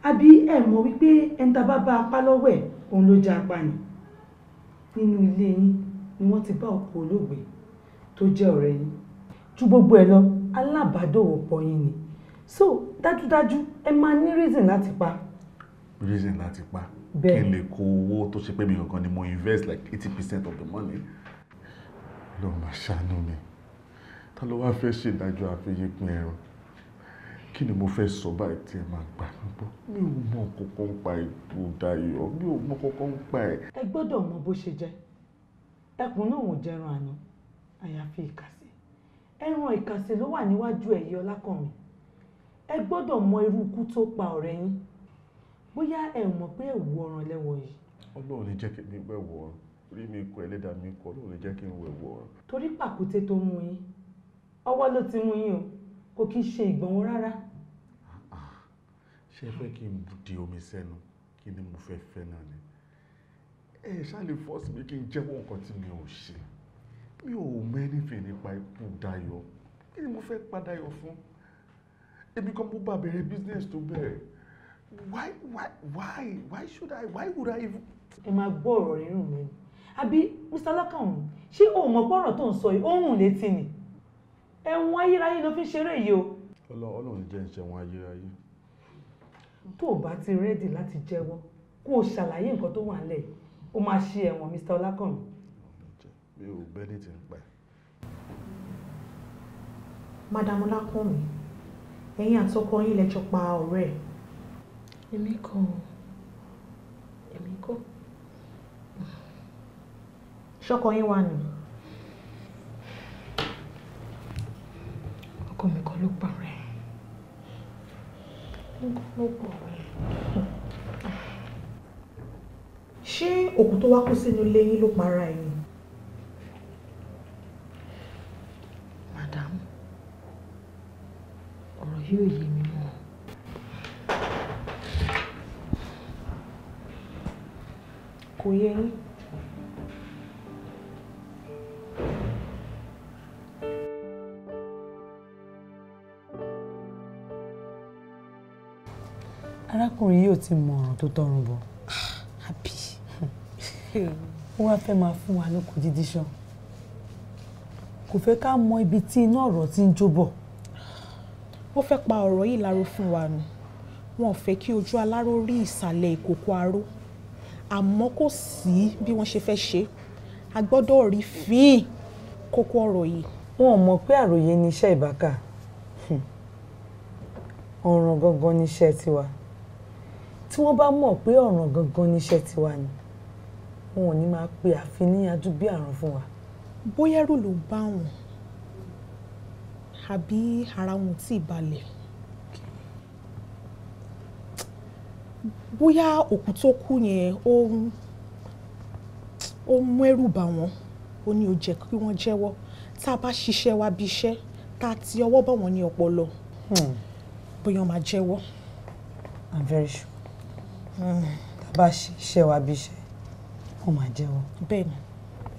àbí ẹ mọ̀ wípé ẹni tá bá bá apá lọ́wọ́ ẹ̀ òun ló já apá ni nínú ilé yín ni wọ́n ti bá òkú olóògbé tó jẹ́ ọ̀rẹ́ yín ju gbogbo ẹ̀ lọ alábàádọ́wọ̀pọ̀ yín ni so dájúdájú ẹ máa ní reason láti pa. reason láti pa kí n lè kó owó tó ṣe pé mi kankan ni mo invest like eighty percent of the money ló máa ṣàánú mi ta ló wá fẹ́ ṣèdájọ́ àfẹyẹ́pin ẹran kí ni mo fẹ́ sọ báyìí tí ẹ máa gbà gbọ́ mi ò mọ kankan pa ètò dayọ̀ mi ò mọ kankan pa ẹ̀. ẹ gbọ́dọ̀ mọ bó ṣe jẹ́ ẹkùn náà ò jẹran àná àyàfi ìkàsí ẹran ìkànsè ló wà níwájú ẹ̀yẹ ọlákànmí ẹ gbọ́dọ̀ mọ irú ikú tó pa ọ̀rẹ́ yín bóyá ẹ ò mọ̀ pé ẹ̀wù ọ̀ràn lẹ́wọ̀n yìí. ọlọ́run ní jẹ́ kí n wẹ̀ wọ̀ ọ́ rí mi kọ ẹlẹ́dàá mi kọ ọlọ́run ní jẹ́ kí n wẹ̀ wọ̀ ọ́. torí pàkúté tó mú yín ọwọ́ ló ti mú yín o kò kí ń ṣe ìgbọ̀nwọ́ rárá. Ah, ah. ṣé ẹ fẹ́ kí n di omi sẹ́nu kí ni mo fẹ́ fẹ́ náà ni ẹ ṣáà lè fọ́ọ̀sì mi kí n jẹ́wọ́ nǹkan tí mi ò ṣe mi ò mẹ́nìfẹ̀ nípa ipò Dayọ̀ kí ni mo fẹ́ pa Dayọ̀ fún èmi kan mo bá bẹ̀rẹ̀ business tó bẹ̀rẹ̀ why why why why should I why would I even. ẹ máa gbọ́ ọ̀rọ̀ rírùn mi àbí Mr. Lákànmú ṣé o mọ̀ gbọ́rọ̀ tó ń sọ yìí ó ń rùn létí ni ẹ̀wọ̀n ayérayé ló fi ń ṣeré yìí o. Ọlọ́run jẹ́ ń ṣẹ̀wọ̀n ayérayé. tó o bá ti rẹ́dì láti jẹ́wọ́ kó o ṣàlàyé nǹkan tó wà nílẹ̀ o máa ṣe ẹ̀wọ̀n Mr. Ọlákànmí mi ò bẹ́ni tí ń pẹ́. madam ọlákùnrin ẹ̀yin àtọkọ yín lẹ́jọ́ pa ọ̀rẹ́ ẹ̀. èmi kọ́ èmi kọ́. ṣọkọ yín wà ní. ọkọ mi kọ́ ló pààrẹ̀ nǹkan ló pààrẹ̀. ṣé òkú tó wá kú sínú ilé yín ló para ẹ̀yìn. àbí òye mi mọ́. kò yẹ yín. arákùnrin yóò ti mọ ọ̀ràn tó tọrùn bọ̀ ah, àbí ó wá fẹ́ máa fún wa lóko dídí ṣan kò fẹ́ ká mọ ibi tí iná ọ̀rọ̀ ti ń jó bọ̀ wọ́n fẹ́ pa ọ̀rọ̀ yìí láró fún wa nù wọn ò fẹ́ kí ojú aláró rí ìsàlẹ̀ ìkòkò aró àmọ́ kò sí bí wọ́n ṣe fẹ́ ṣe a gbọ́dọ̀ rí fín kókó ọ̀rọ̀ yìí. wọn ò mọ̀ pé àròyé ni iṣẹ́ ìbákà hmm. ọ̀ràn gangan ni iṣẹ́ tiwa tí wọ́n bá mọ̀ pé ọ̀ràn gangan ni iṣẹ́ tiwa ni wọn ò ní máa pe àfin ní adúbí àrùn fún wa. bóyá rò ló bá wọn àbí ara wọn ò tí balẹ̀ bóyá òkú tó kú yẹn ó mú ẹ̀rù bà wọ́n ó ní ó kí wọ́n jẹ́wọ́ tá a bá ṣiṣẹ́ wa bí iṣẹ́ tá a ti ọwọ́ bọ̀ wọ́n ní ọpọlọ hmm. bóyá wọ́n máa jẹ́wọ́. i'm very sure hmm. tá a bá ṣiṣẹ́ wa bí iṣẹ́ wọ́n máa jẹ́wọ́. bẹ́ẹ̀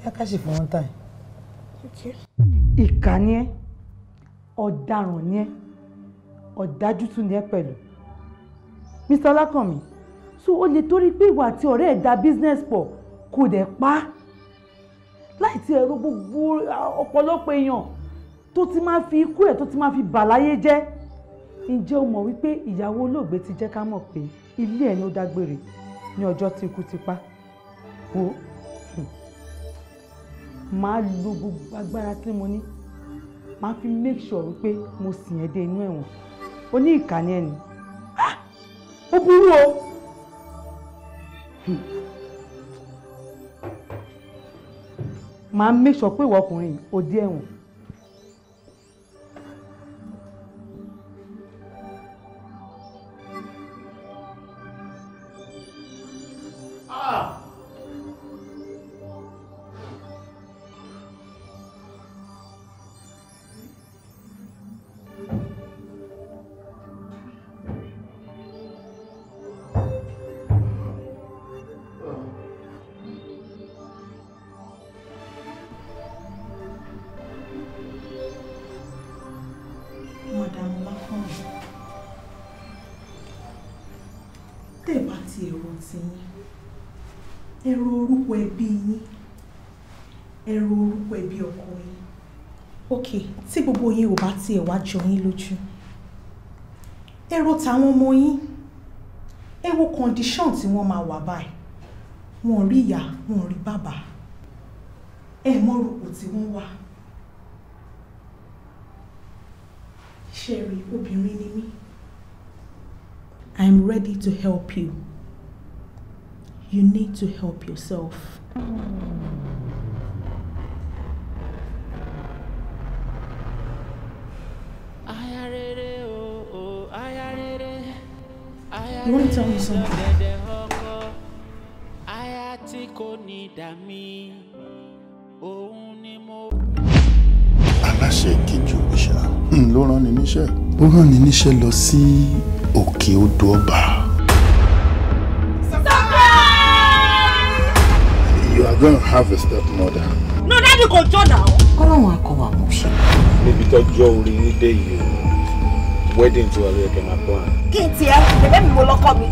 yá ká sì fún wọn tàn. ìkànnì ẹ ọ̀daràn ni ẹ́ ọ̀dájú tún ni ẹ́ pẹ̀lú Mr. Ọlákànmí so o lè torí pé ìwà àti ọ̀rẹ́ ẹ̀ da business pọ̀ kò dẹ̀ pa á láì tí ẹ̀rọ gbogbo ọ̀pọ̀lọpọ̀ èèyàn tó ti máa fi ikú ẹ̀ tó ti máa fi bà láyé jẹ́ ǹjẹ́ o mọ̀ wípé ìyàwó olóògbé ti jẹ́ ká mọ̀ pé ilé ẹ̀ ni ó dágbére ní ọjọ́ tí ikú ti pa O hmm, máa lo gbogbo agbára tí mo ní máa fi make sure wípé mo sì yẹn dé inú ẹ̀wọ̀n ó ní ìkànnì ẹni ah! ó burú o. Hmm. máa make sure pé ìwọ ọkùnrin ò dé ẹ̀wọ̀n ti yín ẹ orúkọ ẹbí yín ẹ orúkọ ẹbí ọkọ yín ok tí gbogbo yín ò bá tiẹ̀ wá jọ yín lójú ẹ tàwọn ọmọ yín ẹ wo tí wọ́n máa wà báyìí wọn rí ìyá wọn rí bàbá ẹ mọ́rùkù tí wọ́n wà. ṣe obìnrin ni mí. I'm ready to help you you need to help yourself. Oh, oh, you want to tell me something? aláṣẹ kejì òrìṣà ló rán ni níṣẹ́ ló rán ni níṣẹ́ lọ sí òkè odò ọba. are going have a stepmother. No, that you control now. How long will I come up orí ní dé yìí you wedding tí wà lóye kẹ́ máa plan. Kí n tiẹ̀, bẹ̀bẹ̀ mi mo lọ́kọ mi.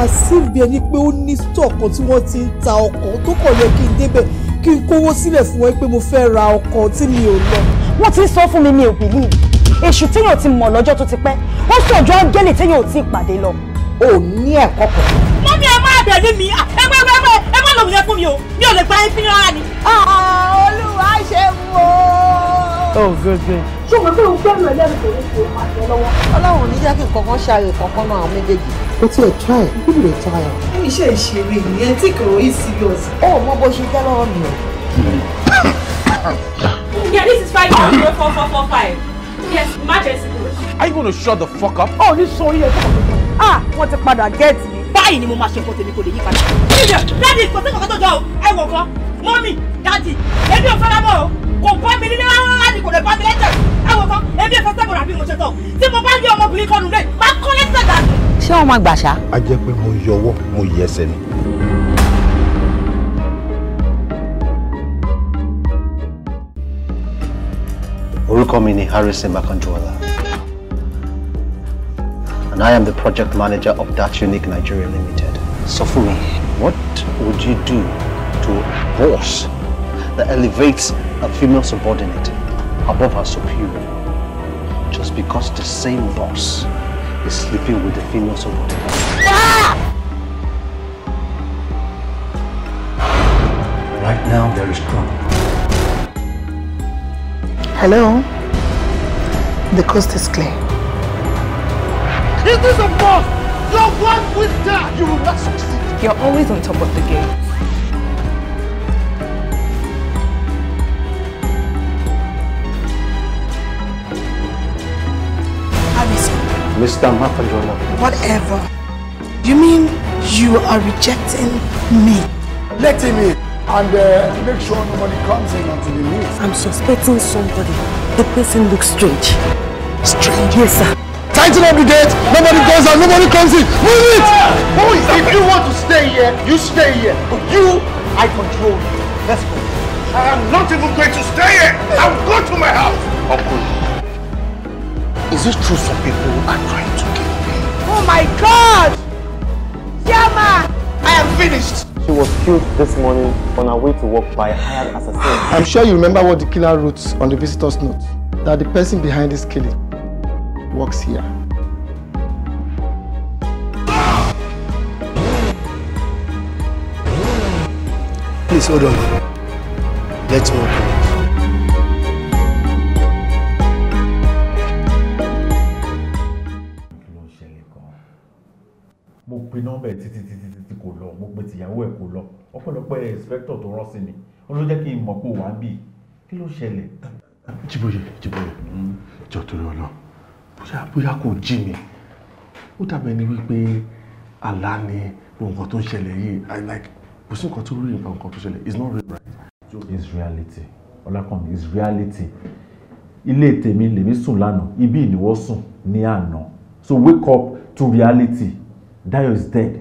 Àṣìbí ẹni pé ó ní store kan tí wọ́n ti ń ta ọkọ̀ tó kọ̀ yẹ kí n débẹ̀ kí n kówó sílẹ̀ fún wọn pé mo fẹ́ ra ọkọ̀ tí mi ò lọ. Wọ́n ti sọ fún mi mi ò bìlíì. Èṣù téèyàn ti mọ̀ lọ́jọ́ tó ti pẹ́, wọ́n sọ̀jọ́ áńgẹ́lì téèyàn ò tí ì pàdé lọ. Ò ní ẹ̀kọ́ kan. Mọ́mí ẹ máa bẹ̀ mi, ẹ lòun yẹn fún mi o mi ò lè gba ẹ́ fínú rárá ni. olúwa ṣe wò ó. oh good good. ṣé o mọ̀ pé ẹlẹ́rìí kò ní fi òun àti lọ́wọ́. ọlọ́run ní jẹ́ kí nǹkan ṣàrè kankan náà àwọn méjèèjì. o ti ẹ̀ try kí lè try ẹ̀. iṣẹ́ ìṣeré ìyẹn tí kò rí serious. ó mọ bó ṣe jẹ́ lọ́wọ́ mi o. yeah this is five four four four five yes emergency. are you gonna shut the fuck up. ọ̀ ní sọ orí ah báyìí ni mo máa ṣe nǹkan tèmi kò lè yí padà. dáàdi kò kankan tó jọ o ẹ wò kan mọ́mì dáàdi èmi ò fẹ́ràn mọ́ o kò bá mi nílé rárá ni kò lè bá mi lẹ́jẹ̀ ẹ wò kan èmi ò fẹ́ sẹ́gun àbí mo ṣe tọ̀ tí mo bá yọ ọmọbìnrin kan nù lé máa kọ́ lẹ́sẹ̀ dànù. ṣé wọn máa gbàṣà. a jẹ pé mo yọwọ́ mo yẹsẹ̀ ni. orúkọ mi ni Harrison Bakanjuwala. and I am the project manager of that unique Nigeria Limited. So for me, what would you do to a boss that elevates a female subordinate above her superior just because the same boss is sleeping with the female subordinate? Right now, there is trouble. Hello? The coast is clear. It is a boss. Your one will that. You will not succeed! You're always on top of the game. Mr. Mapandrona. Whatever. You mean you are rejecting me? Let him in and uh, make sure nobody comes in until he leaves. I'm suspecting somebody. The person looks strange. Strange? Yes, sir the gate. Nobody goes out. Nobody comes in. Move it. if you want to stay here, you stay here. But you, I control you. Let's go. I am not even going to stay here. I'm going to my house. Uncle, is it true some people are trying to kill me? Oh my God! Yama! I am finished. She was killed this morning on her way to work by a hired assassin. I'm sure you remember what the killer wrote on the visitor's note. That the person behind this killing works here. Please hold on. Let's walk. ló ń ṣẹlẹ̀ gan-an mo pe nọ́mbà ẹ̀ títí títí títí kò lọ mo pe tìyàwó ẹ̀ kò lọ ọpẹ́lọpẹ́ inspector tó rán sí mi ó ló jẹ́ kí n mọ̀ pé wà á bì kí ló ṣẹlẹ̀. Jíbóyè Jíbóyè hmm? jọ torí ọ bóyá bóyá kò jí mi ó dàbẹ̀ ni wípé àlá ni nǹkan tó ń ṣẹlẹ̀ yìí i like kò sí nǹkan tó rí nǹkan kan tó ṣẹlẹ̀ it's not real right. it's reality ọlákànmí it's reality ilé tèmi lèmi sùn lánàá ibi ìníwọ́ sùn ní àná so wake up to reality Dayo is dead.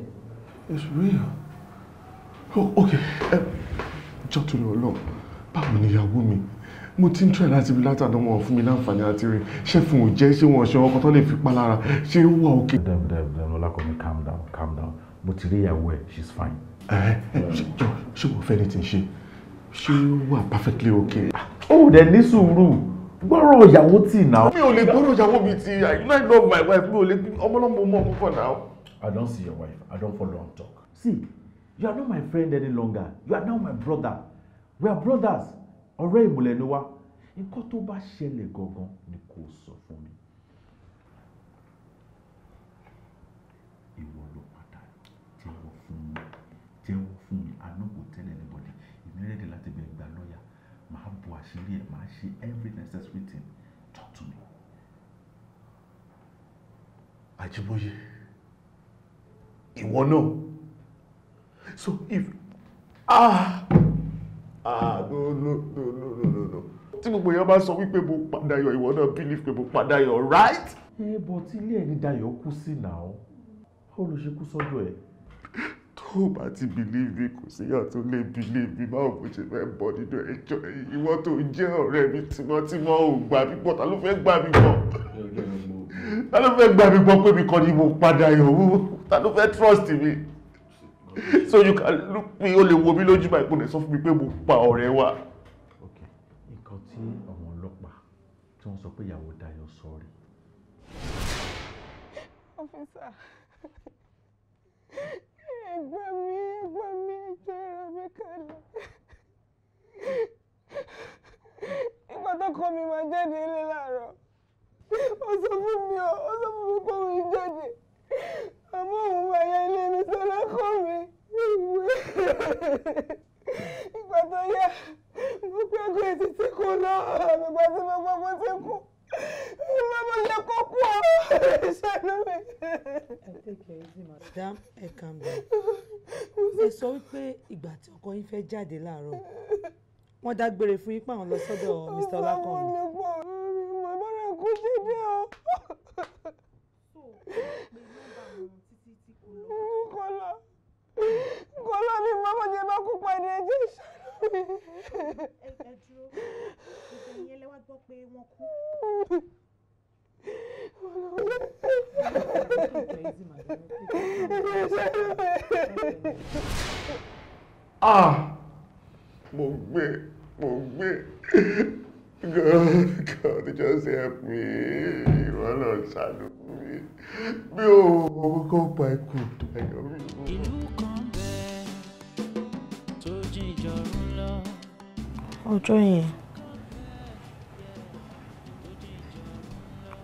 it's real oh, okay jọ́ tó lọ lọ báwo ni ìyàwó mi mo ti ń tọ́ ẹ̀ láti ibi látàdán wọn fún mi láǹfààní àti rìn ṣé fún ò jẹ́ ṣé wọn ṣe ọkọ tó lè fi pa lára ṣé ó wà òkè. dem dem dem ọlákọ̀ọ́mi calm down calm down mo ti rí ìyàwó ẹ̀ she's fine. Eh, hmm. ṣé wọ́n fẹ́ ní ti ṣe ṣé ó wà perfectly okay. ó ah, dẹ̀ oh, ní sùúrù gbọ́rọ̀ ìyàwó tì náà. mi ò lè gbọ́rọ̀ ìyàwó mi ti i know i love my wife mi ò lè ọmọlọ́mọ mọ́ púpọ̀ náà. i don see your wife i don follow am talk. see you are not my friend any longer you are now my brother we are brothers ọ̀rẹ́ ìmùlẹ̀ ni wá nǹkan tó bá ṣẹlẹ̀ gangan ni kò sọ fún mi. ìwọ ló p jẹ́wọ́ fún mi I no go tell anybody èmi ready láti bẹ̀ gba lọ́ọ̀yà màá bu àṣírí ẹ̀ màá ṣe every necessary thing talk to me. Àjíbóyè ìwọ náà so if ah ah no no no no no no no tí gbogbo èèyàn bá sọ wípé mo padà yọ ìwọ náà believe pé mo padà yọ right. ẹ bọ̀ tí ilé ẹni Dayọ̀ kú sí náà ó lọ ṣe kú sọ́dọ̀ ẹ̀ ó bá ti bìlíìfì kò síyà tó lè bìlíìfì báwo mo ṣe fẹ́ bọ́ nínú ẹjọ́ ìwọ tó jẹ́ ọ̀rẹ́ mi tímọ́tímọ́ ò gbà mí pọ̀ ta ló fẹ́ gbà mí pọ̀ ta ló fẹ́ gbà mí pọ̀ pé mi kọ́ ni mo padà yòówù ta ló fẹ́ trust mi so you can look me ó lè wo mi lójú bá ìpínlẹ̀ sọ fún mi pé mo pa ọ̀rẹ́ wa. ok nǹkan tí àwọn ọlọ́pàá tí wọ́n sọ pé ìyàwó Dayọ̀ sọ rèé. ọfíìsà gbà mí ẹ gbà mí ẹ jẹ́ ra mi kalẹ̀ nígbà tó kọ́ mi máa jáde ilé láàárọ̀ ó sọ fún mi ó ó sọ fún mi pé òun jáde àmọ́ òun máa ya ilé mi sọ́lá kọ́ mi ìwé ìgbà tó yá mo pé ọkọ̀ ètùtù kù náà àgbègbè àti Mama le koko. Ṣàánú mi. Ẹ take easy madam, ẹ calm down. (laughs) Ẹ sọ wípé ìgbà tí ọkọ yín fẹ́ jáde láàárọ̀. Wọ́n dágbére fún yín pé àwọn lọ sọ́dọ̀ Mr. Ọlákàn. Màmá rẹ̀ kú dédé o. Mm, Kọ́lá Kọ́lá ni màmá jẹ́ bá kópa ẹni ẹjẹ́ ìṣàánú mi. Ẹ dúró ìyẹn lẹ gbọ́ pé wọ́n kú. ah mo gbé mo gbé god god just help me ìwọ náà ṣàánú mi bí o mo kọ́kọ́ pa ikú ayọ̀ mi. ìlú kan bẹ́ẹ̀ tó jíjọ ń lọ. ọjọ́ yẹn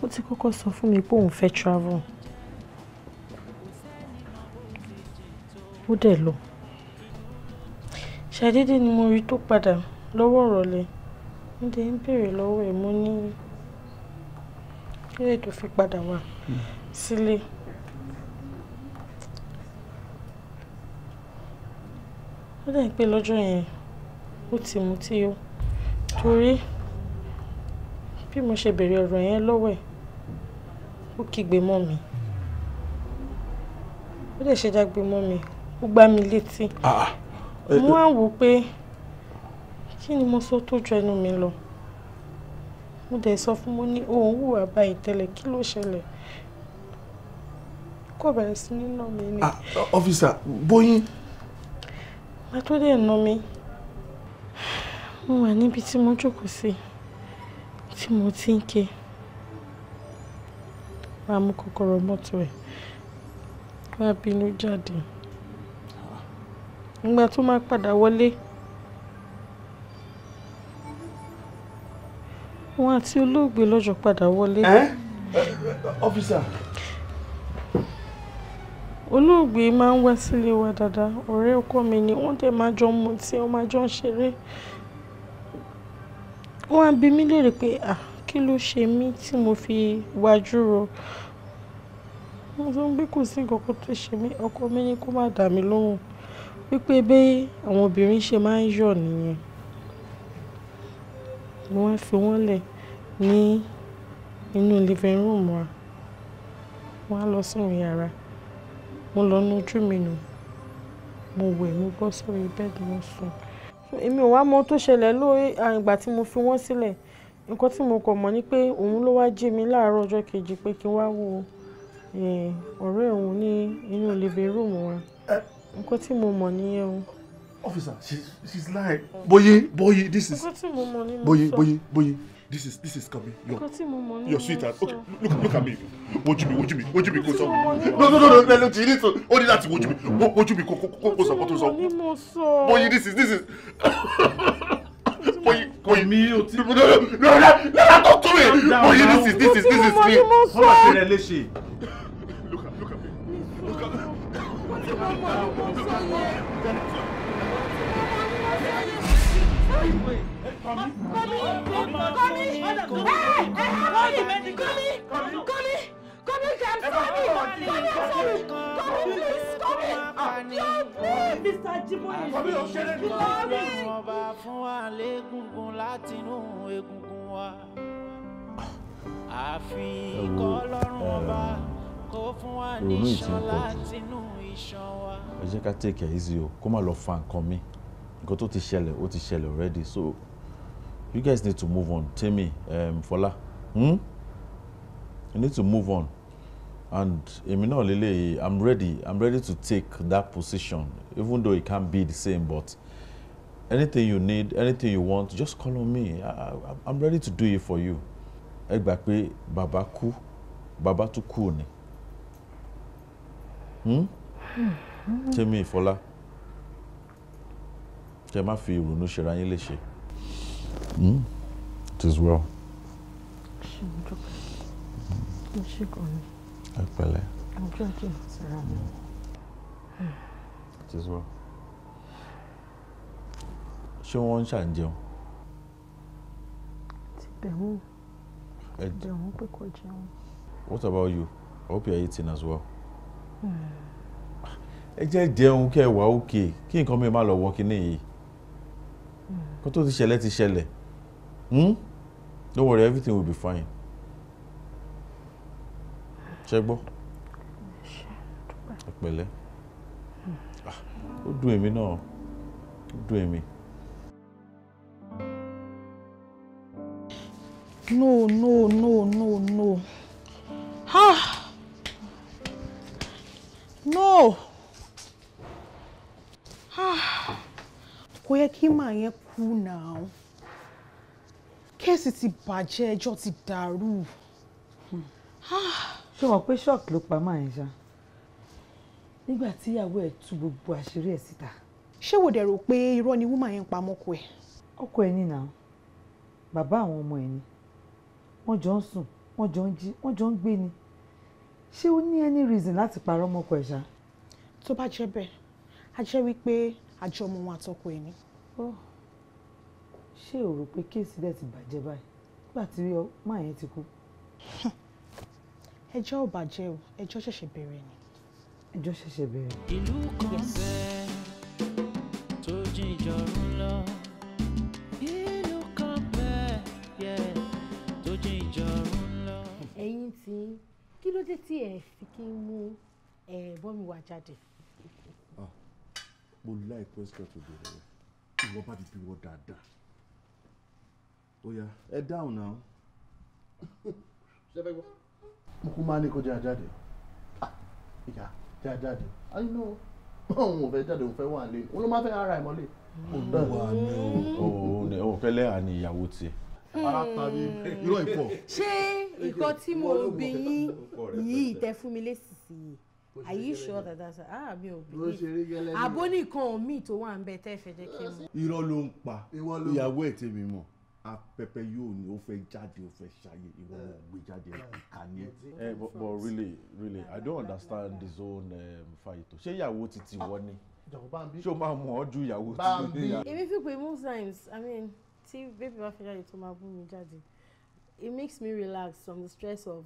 ó ti kọ́kọ́ sọ fún mi pé òun fẹ́ travel ó dẹ̀ lọ ṣàdédé ni mo rí tó padà lọ́wọ́ ìrọ̀lẹ́ mo dẹ̀ ń béèrè lọ́wọ́ ẹ̀ mo ní kílẹ̀ tó fi padà wá sílé. ó dẹ̀ ń pé lọ́jọ́ yẹn ó ti mutí o torí bí mo ṣe béèrè ọ̀rọ̀ yẹn lọ́wọ́ ẹ̀ ó kígbe mọ́ mi ó dẹ̀ ṣe jágbe mọ́ mi ó gbá mi létí ah, ah. mo wá eh, eh. wò pé kí ni mo sọ tó ju ẹnu mi lọ mo dẹ̀ sọ fún mo ní òun hùwà báyìí tẹ́lẹ̀ kí ló ṣẹlẹ̀ kò bẹ̀rẹ̀ sí ní nà mí ni. ọ́fíìsà ah, bóyín. màá tó dẹ̀ nà mí mo wà níbi tí mo jókòó sí tí mo ti ń ké wá mú kọ́kọ́rọ́ mọ́tò ẹ̀ wá bínú jáde nígbà tó máa padà wọlé wọn àti olóògbé lọ́jọ́ padà wọlé. ọ́fíìsà. olóògbé máa ń wá sílé wa dáadáa ọ̀rẹ́ ọkọ mi ni wọ́n dẹ̀ máa jọ mutí wọ́n máa jọ ń ṣeré wọ́n á bi mí léèrè pé ah kí ló ṣe mí tí mo fi wájú ro? Mo sọ pé kò sí ǹkan kan tó ṣe mí, ọkọ mi ní kó má dà mí lóhùn wípé bí àwọn obìnrin ṣe máa ń yọ̀ nìyẹn. Mo wá fi wọ́n lẹ̀ ní inú living room wa. Wọ́n á lọ sínú yàrá, mo lọ nu ojú mi nù, mo wẹ̀, mo bọ́ sórí bẹ́ẹ̀dì, mo sùn. Èmi ò wá mọ tó ṣẹlẹ̀ lórí ìgbà tí mo fi wọ́n sílẹ̀. Nǹkan tí mo kàn mọ̀ ni pé òun ló wá jí mi láàárọ̀ ọjọ́ kejì pé kí n wá wo ọ̀rẹ́ òun ní inú living room wa. Nǹkan tí mo mọ̀ nìyẹn o. Officer, she's, she's lying. Boye, Boye, this is. Nǹkan tí mo mọ̀ Boye, Boye, Boye this is this is coming your your sweetheart okay look look at me wojú mi wojú mi wojú mi kò sọ no no no no no no you need to o ní láti wojú mi wojú mi kò kò kò sọ kò tó sọ Boye this is this is. (laughs) Omi o ti. Lọ́la tó tún rè. Oyin this is this is this is me. Wọ́n máa tẹ̀lé léṣe. Look at look at me. Look at me. Kọ́lí! Kọ́lí! Kọ́lí! Kọ́lí! Come in, I'm sorry. Come in, I'm sorry. Come in, please. Come in. Come in, Mr. Jimoye. Ah, come in, Oṣere. Come in. Ọba fún wa légúngún látinú egungun wa. Àfi ikọ̀ ọlọ́run ọba kó fún wa ní iṣan látinú iṣan wa. Ẹ jẹ́ ká take it easy o, kó má lọ fa nǹkan mi. Nǹkan tó ti ṣẹlẹ̀, ó ti ṣẹlẹ̀ already so you guys need to move on. Tèmi, um, Fọlá. Hmm? you need to move on and èmi náà lélẹ̀ i'm ready i'm ready to take that position even though it can't be the same but anything you need anything you want just call on me I, i'm ready to do it for you ẹ gbà pé bàbá kú bàbá tún kú ni Kẹ́mi hmm? Ìfọlá kẹ má fi ìrònú ṣera yín léṣe. Hmm? it is well. I'm ṣe kàn mí. ẹ pẹ̀lẹ́. ọjọ́ kì í sara mi. ṣé wọ́n ń ṣàǹjẹun. ti bẹ̀wọ̀n bẹ̀wọ̀n what about you? I hope you're eating as well. Hmm. ẹ jẹ́ jẹun kẹ́ ẹ okay. òkè kí nǹkan mi máa lọ wọ kíní yìí hmm. kó tó ti ṣẹlẹ̀ ti ṣẹlẹ̀ hmm? don't worry everything will be fine ṣe gbọ́ pẹ̀lẹ́ ah, ó dùn èmi náà ó dùn èmi. no no no no no ah no ah kò yẹ kí màá yẹn kú náà kéèsì ti bàjẹ́ ẹjọ́ ti dàrú. Hmm. Ah ṣé wọn pé ṣọ́ọ̀kì ló pa máa ń ṣá nígbà tí ìyàwó ẹ̀ tú gbogbo àṣírí ẹ̀ síta. ṣé wò dẹ̀ rò pé irọ́ ni woman yẹn ń pa mọ́kọ ẹ̀. ọkọ ẹ̀ nìyà bàbá àwọn ọmọ ẹ̀ ni wọ́n jọ ń sùn wọ́n jọ ń jí wọ́n jọ ń gbé ni ṣé ó ní any reason láti parọ́ mọ́kọ ẹ̀ ṣá. tó bá jẹ́ bẹ́ẹ̀ a jẹ́ wípé àjọ ọmọ wọn àtọkọ ẹ̀ ni. ṣé o rò pé kéèsì dẹ̀ ti bàjẹ́ báyìí nígbà tí máa yẹn ti kú ẹjọ́ ò bàjẹ́ o ẹjọ́ ṣẹ̀ṣẹ̀ bẹ̀rẹ̀ ni. ẹjọ́ ṣẹ̀ṣẹ̀ bẹ̀rẹ̀. ìlú kan bẹ́ẹ̀ tó jíjọ ń lọ ìlú kan bẹ́ẹ̀ tó jíjọ ń lọ. ẹ̀yin tí kí ló dé tí ẹ fi kí n mú ẹ bọ́ wá jáde. Ah, mo láì pẹ́sítọ̀ tó bẹ̀rẹ̀ rẹ̀ ìwọ bá ti bí wọ́n dáadáa ó yá ẹ dáhùn náà. ṣé fẹ́ gbọ́ mo kú máa ní kó jẹ́ àjáde ah, ìyá jẹ́ àjáde i know òun ò fẹ́ jáde òun fẹ́ wà lé òun ló máa fẹ́ ara ẹ̀ mọ́lẹ̀ òun náà wà ní hmm. òun òun fẹ́ lẹ́hà ní ìyàwó tiẹ̀ ara ta mi irọ́ ìpọ̀. ṣé nǹkan tí mo bí yín yìí tẹ fún mi lésìsì yìí are you sure that that's ah mi ò bí abónìkan mi tó wà ń bẹ tẹ́ fẹ́ jẹ́ kí n mọ̀. irọ́ ló ń pa ìyàwó ẹ̀ tèmi mọ̀ afẹ́fẹ́ yóò ní o fẹ́ jáde o fẹ́ ṣayé ìwọ ló gbé jáde ìkànnì. ẹ eh, but but really really i don't understand this whole fight o ṣé ìyàwó ti ti wọ ni ṣé o máa mú ọ ju ìyàwó ti ní ìyá. èmi fi pé most times i mean tí baby bá fẹ́ jáde tó máa bú mi jáde it makes me relax from the stress of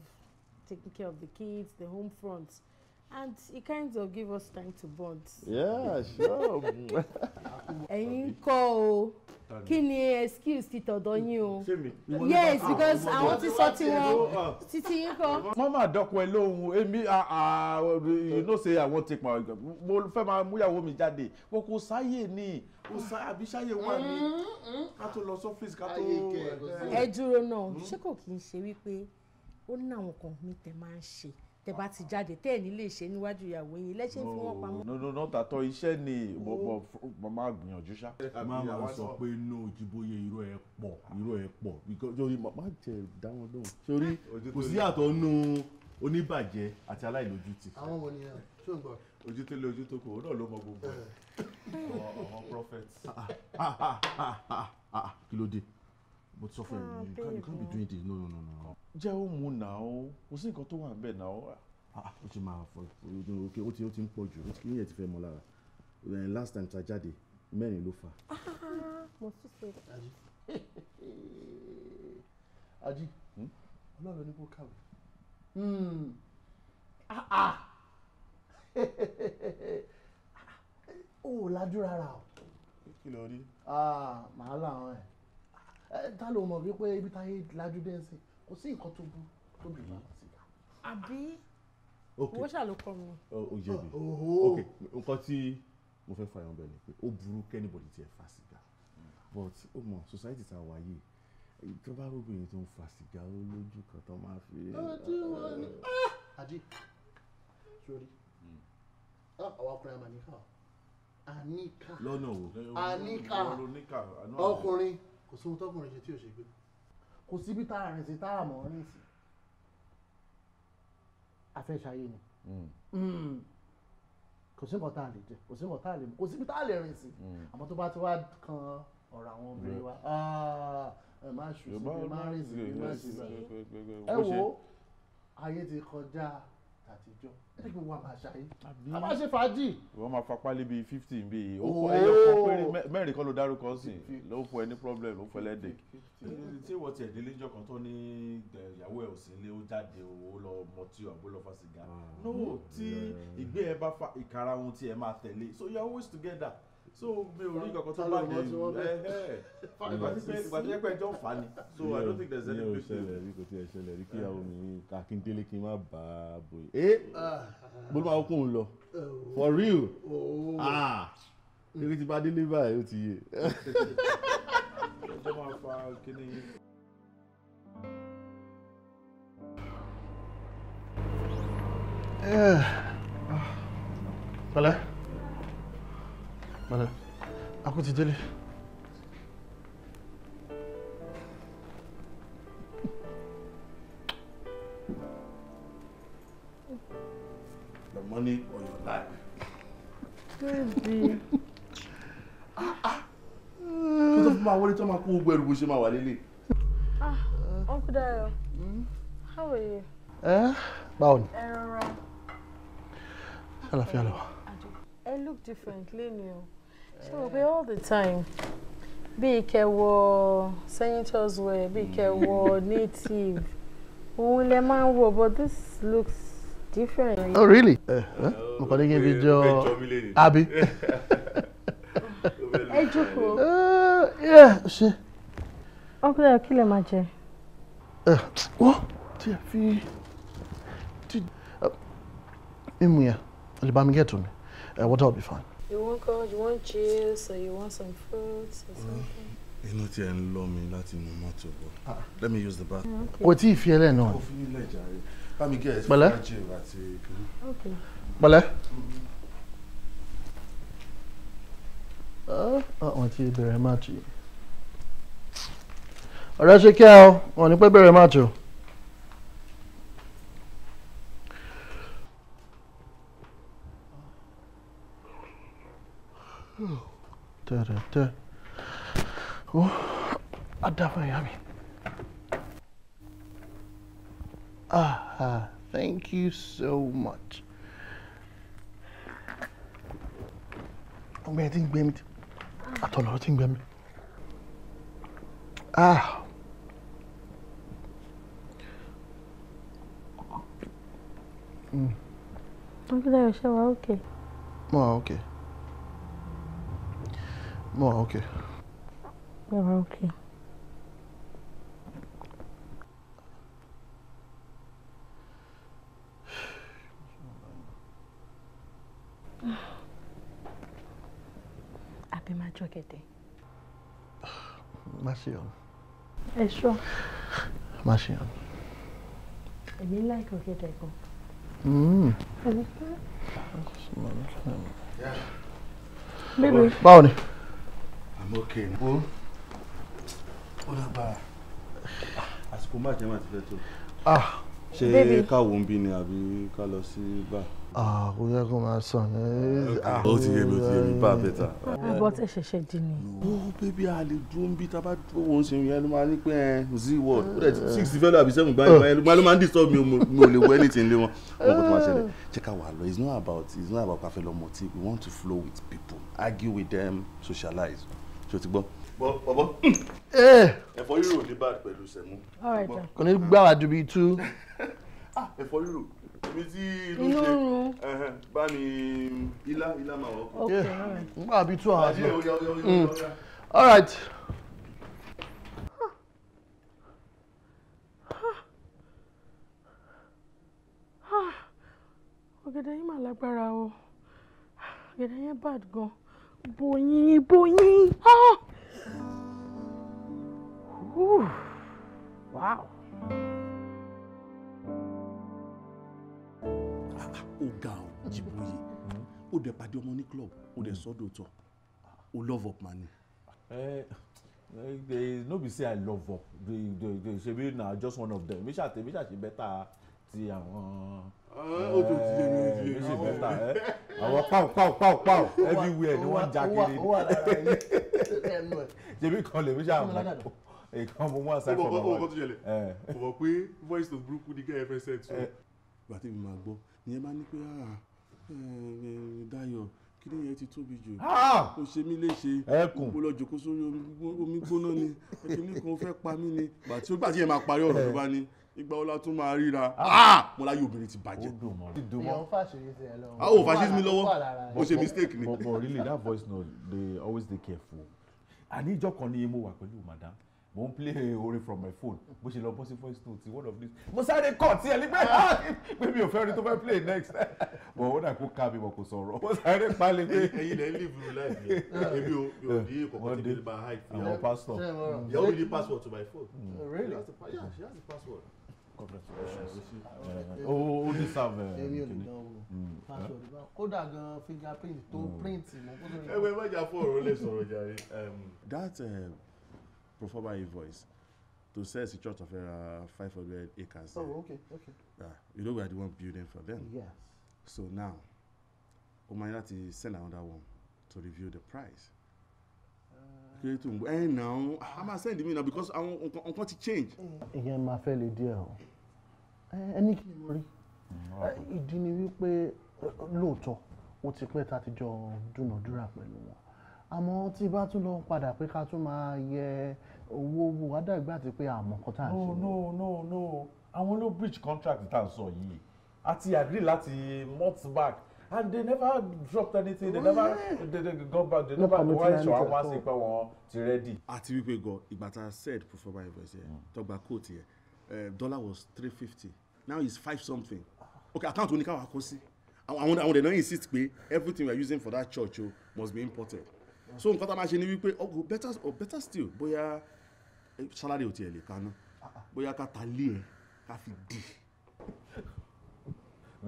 taking care of the kids the home front and it kind of give us time to bond. yeah sure. (laughs) ẹ̀yin kọ́ o kí ni excuse ti tọ̀dọ̀ yín o yes because àwọn ti sọ tiwọn títí yín kọ́. wọ́n máa dọ́kun ẹ lóhùn èmi ah, ah, you know say àwọn ti pa mo fẹ́ máa múyàwó mi jáde kò kò sáyè ni kò sá àbí sáyè wà ní mm, mm, mm. ká tó lọ sọ́fíìsì ká tó. ẹ dúró náà hmm? ṣé kò kí n ṣe wípé ó ní àwọn kan mi tẹ máa ń ṣe tẹ bá ti jáde tẹ ẹ nílé ìṣe níwájú ìyàwó yín lẹsẹ fi wọn pamọ́. no no no tàtọ iṣẹ́ ni oh. mo máa gbìyànjú ṣá. ẹ má máa sọ pé no Jíbóyè irọ́ ẹ pọ̀ irọ́ ẹ pọ̀ nítorí màmá jẹ dáwọn lóhùn sórí kò sí àtọ̀ nù oníbàjẹ́ àti aláìlójútì. àwọn wo ni ẹ tó ń gbọ́. ojú tó lé ojú tó kù òun náà ló mọ gbogbo eh. ọmọ prophet. (laughs) Ah, ah, ah, kí ló dé mo ti sọ fún ẹ you can't be oh. doing this no no no no jẹ́ ó mu nà ó kò sí nǹkan tó wà ń bẹ̀ nà ó. o ah, ti máa fọ òkè ó ti ó ti ń pọ̀ jù ó ti kí ti fẹ́ mọ́ lára eh, last time ta jáde mẹ́rin ló fà. (laughs) mo tún ṣe. ají (laughs) ají hmm? ọlọ́run ní kó kàwé hmm. ah, ah. (laughs) ó lajú rárá o. kí ló rí. màá làwọn ẹ̀ eh, ta ló mọ̀ wípé ibi táyé lajú dẹ́sẹ̀ kò sí nǹkan tó bú tóbi bá wọn síta. àbí owó ṣàlò kọ mi. oye mi ok nǹkan tí mo fẹ́ fààyàn bẹ́ẹ̀ ni pé ó burú kẹ́nìbọ̀dì tiẹ̀ fa sìgá but ó mọ society tá a wà yìí tó bá rògbòyìn tó ń fa sìgá ó lójú kan tó máa fi. ojú wọn ni ah! àdí sórí ah, àwọn ọkùnrin àmà níkà àníkà lọ́nà wo àníkà ọkùnrin kò sóhun tọkùnrin ṣe tí ò ṣe gbé kò síbi tá a rìn sí tá a mọ̀ ọ́ nísìn afẹ́ṣayé ni hmm. Hmm. kò sí nǹkan tá a lè jẹ kò sí nǹkan tá a lè mu kò síbi tá a lè rìn sí hmm. àmọ́ tó bá ti wá kan ọ̀rọ̀ àwọn obìnrin wa ah, ẹ má ṣù sí ẹ má rìn sí ẹ má ṣù sí ẹ wo ayé ti kọjá àtijọ́ ẹni kí wọ́n máa ṣayé a máa ṣe fàájì. wọ́n máa fapá lébi fifty bí i ó kọ ẹyọ kan péré mẹ́rin kọ́ ló dárúkọ sí ló fọ ẹni problem ló fọ ẹlẹ́dẹ̀. tí ìwọ tiẹ̀ délé jọ kan tó ní ìyàwó ẹ̀ ò sí ilé ó jáde ó lọ mọtí ọ àbó lọ ah. no tí ìgbé ẹ bá fa ìkarahun tí ẹ máa tẹ̀lé so you are always together so mi ò rí kankan tó bá mi ìgbà tí ìgbà tí ẹgbẹ́ ẹjọ́ fà ni so i don't think there's any big deal. mi ò ṣẹlẹ̀ rí kò tí ẹ ṣẹlẹ̀ rí kí ah. àwọn mi kà kí n délé kí n má bà á bòye. Eh? ẹ ah. bó máa kún un lọ oh. for real oh. ah. eré ti bá délé báyìí ó ti yé. ẹjọ́ máa fa kíní yìí. Eh. Pẹ̀lẹ́. Uh, Madame, à côté d'elle. The money or your life. Baby. ah ah. Tó tó fún máa wọlé tó máa kó gbogbo Ah, Uncle Dayo, how are you? Eh. báwo ni? Ẹ rọra. Ṣé àlàáfíà I look different lénìí o ṣé o pé all the time bíi kẹwọ senators wear bíi kẹwọ mm. native òun lè máa ń wọ but this looks different. oh really eh, oh, mo kàn ní kí n fi jọ abi. (laughs) ẹ jókòó. ẹ eh, ṣe. ọkùnrin ẹ kí lè máa jẹ. Eh, wọ́n tí a fi mímu yẹn olùbámi gẹ̀ẹ́tù mi water will be fine. You want cold, you want chills, or you want some fruits or mm. something? Inú tí ẹ ń lọ mi no matter. mọ́tò ah. Let me use the bathroom. Kò tí ì fi ẹlẹ́ náà. Kò fi ilé ìjàre. Okay. gẹ̀ ẹ́ sí ìdájẹ́ àti kìnnì. Pẹ̀lẹ́. Àwọn mm-hmm. ah, ah, ti bẹ̀rẹ̀ máàtì. Ọ̀rẹ́ ṣe kí ẹ o, wọn ò ní pẹ́ bẹ̀rẹ̀ máàtì o. da. Oh, Adafa Yami. Ah, thank you so much. I ẹ ti ń gbé mi àtọ̀lọ́rọ̀ ah Mm. Look at that, Rochelle. Okay. Well, okay. Mo okay. Mo wà okay. (sighs) Àbí máa jọ gẹ̀dẹ̀. Má ṣe ọ̀nà. Ẹ ṣọ́. Má ṣe ọ̀nà. Èmi láìka ọ̀gẹ̀dẹ̀ gan. Hmm. Báwo ni? i'm okay o ó lágbára àsìkò má jẹ́ máa ti fẹ́ tó ah. ṣé káwo ń bí ni àbí ká lọ sí bá. Ah, kò yẹ kó máa sàn yẹn. ó ti yé mi ó ti mi bá a bẹ̀ta. àbọ̀ tẹ̀ ṣẹ̀ṣẹ̀ dín ni. ó bébí a lè dúró ń bí tá a bá dúró wọn ṣe yẹn ló máa ní pé eh, z word ó dẹ̀ six fẹ́lẹ̀ àbí seven disturb mi mi ò lè anything lé wọn. wọn kò tó máa check ká wà it's not about it's not about ká fẹ́ lọ mọ̀tí we want to flow with people argue with them socialize ṣó ti gbọ́. bọ bọbọ eh! ẹ̀fọ́ rírò ní bad pẹ̀lú sẹmú. kò ní gbà wá ju tú. (laughs) Ah, ẹ̀fọ́ rírò ibi tí inú ṣe bá mi ilá ilá máa wọ ọkọ. n bíi tú àwọn àti. Hmm. all right. Ah. Ah. ọ̀gẹ̀dẹ̀ yín mà lágbára o ọ̀gẹ̀dẹ̀ yẹn bad gan-an. Boyin boyin. Ah! Whew. Wow. ó ga ọ Jíbóyè ó dẹ̀ pàdé ọmọ ní club ó so do tọ̀ ó love up mani. Eh, eh, no be say i love up ṣebi na just one of them mi ṣàtẹ mi ṣàṣe bẹ́tà ti àwọn Ah, ó tó ti yé mi ti yé mi. àwọn pàw pàw pàw pàw everywhere ni wọ́n já kiri jẹ̀bi kan lèmi ṣáà mọ̀ èkó mo mú àṣà ìfọwọ́ wọn. ó bọ̀ pé eh. pé voice note burúkú ni gẹ́gẹ́ fẹ́ sẹ́ẹ̀tì. Eh. bàtí mi máa gbọ́ ìyẹn bá ní pé ah, eh, Dayọ̀ kí yẹn ti tóbi jù ah! ó ṣe mí léṣe mo lọ jòkó sórí omi gbóná ni ẹni kan fẹ́ pa mí ni gbàtí ó gbàtí yẹn máa parí ọ̀rọ̀ tó bá ní ìgbà ọlá tún máa ríra ah. Ah! mo láyé obìnrin ti bàjẹ́. èèyàn fàṣírí sí ẹ a àwọn òfàṣírí mi lọ́wọ́ ó ṣe mistake ni. but but really that voice no dey always dey careful. àní ìjọ kan ni mo wà pẹ̀lú madam mo ń play orin from my phone bó ṣe lọ bó sí voice note one of these mo sáré kọ tí ẹ ní pé ah! pé mi ò fẹ́ orin tó fẹ́ play next but ó dà kó ká mi mọ̀ kó sọ̀rọ̀ mo sáré palẹ̀ pé. ẹyin lẹ live your life yẹn ebi o yóò di kọkọ tí mi bá hide. àwọn pastor. yahoo need password to my phone. Hmm. really? she has the password congratulations ó deserve ẹ èmi ò lè dán o mm. kódà gan fingerprint tó mm. print ẹgbẹ́ mẹ́jà fún ọ̀rọ̀ lè sọ̀rọ̀ jàre. Um, that uh, proforma invoice to sell the church of uh, 500 acres oh okay okay. Uh, you know we are the one building for them. yes. so now o ma send another one to review the price kí ló tó ń bọ ẹ nà án a máa send mi na because àwọn nǹkan ti change. ìyẹn máa fẹ́ lè díẹ̀ o ẹni kí ni mo rí ìdí ni wípé lóòótọ́ ó ti pẹ́ tá a ti jọ dúnàdúrà pẹ̀lú wọn àmọ́ tí bá tún lọ padà pé ká tún máa yẹ owó owó adágbà àti pé àmọ́ kan tá à ṣe. no no no àwọn ló breach contract tá à ń sọ yìí àti agree láti months back and they never dropped anything they oh, never they, they go back they no never why ṣọwọ́ wá sí pé wọ́n ti ready. àti wípé gan ìgbà tá a said before by voice yẹn mm. tọgbà coat yẹn eh, dollar was three fifty now it's five something okay account oníkàwá kọ sí àwọn àwọn ọ̀dẹ̀ náà insist pé everything we are using for that church o must be imported so nǹkan tá a máa ṣe ni wípé oh better or oh, better still bóyá eh, salary ò tiẹ̀ lè kaná bóyá ká ta lé ẹ ká fi dì.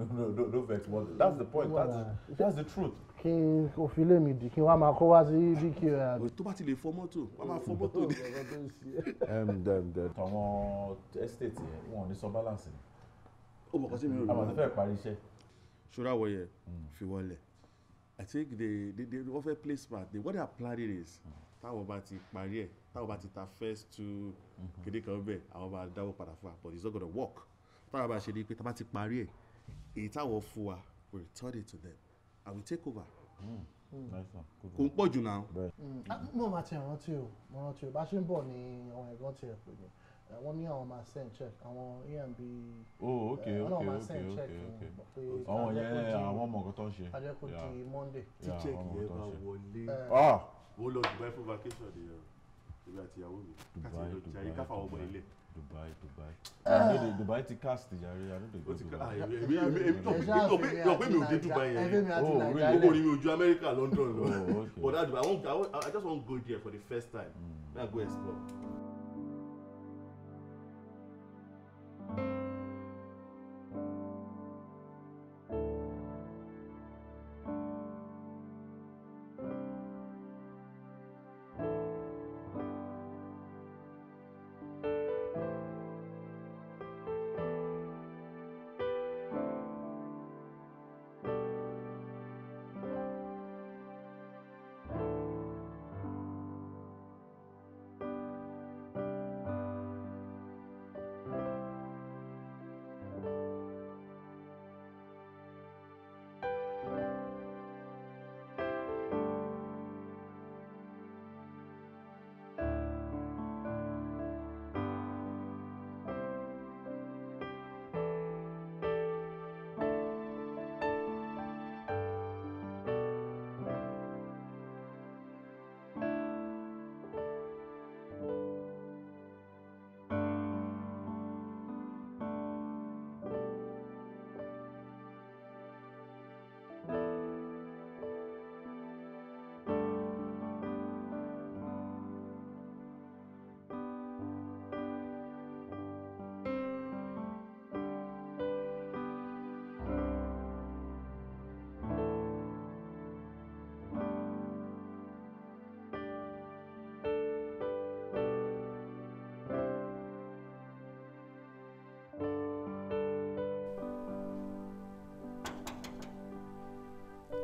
(laughs) no no no vex wọlé that's the point that's that's the truth. kí n kò fi lé mi dì kí wọ́n á máa kó wá sí bq àbí. Ah, eh, tó bá ti lè fọ mọ́tò wọ́n á máa fọ mọ́tò ni. tàwọn estate yẹn wọn ò ní sọ balance. ó mọ̀ kọ́ sí mi ò rí àwọn àti fẹ́ parí iṣẹ́. ṣọ́ra wọ yẹ hmm. fi wọlé i think the the the wọ́n fẹ́ play what they are planning is hmm. táwọn bá ti parí ẹ̀ táwọn bá ti ta first to hmm. kéde kan bẹ́ẹ̀ àwọn bá dáwọ́ padà fún wa but it's not gonna work táwọn bá ṣe ni pé tá bá ti parí ẹ̀ èyí táwọn fún wa we return it to them and we take over. Hmm. kò ń pọ̀ jù náà. Hmm. Ah, mo máa ti rántí o mo rántí o bá ṣe ń bọ̀ ni àwọn ẹ̀gbọ́n ti ẹ̀ pè mí eh, wọ́n ní àwọn máa send check àwọn emb. oh ok eh, ok ok ok àwọn yẹn àwọn ọmọ nǹkan tó ń ṣe. ajẹ́kù di monday. tí check yẹn bá wọlé eh. ah! ó lọ Dubai fún vacation de yẹn ìgbà àtìyàwó mi káti lọ jayé káfà ọmọ ilé. Dubai, Dubai. Uh, Dubai ti cast jàre, I no dey go Dubai. Ah, èmi yọ̀ pé mi ò dé Dubai yẹn. Gbogbo orí mi ojú oh, Amẹ́ríkà, London lọ. Oh, But that Dubai, I just wan go there for the first time. Mm. May I go explore.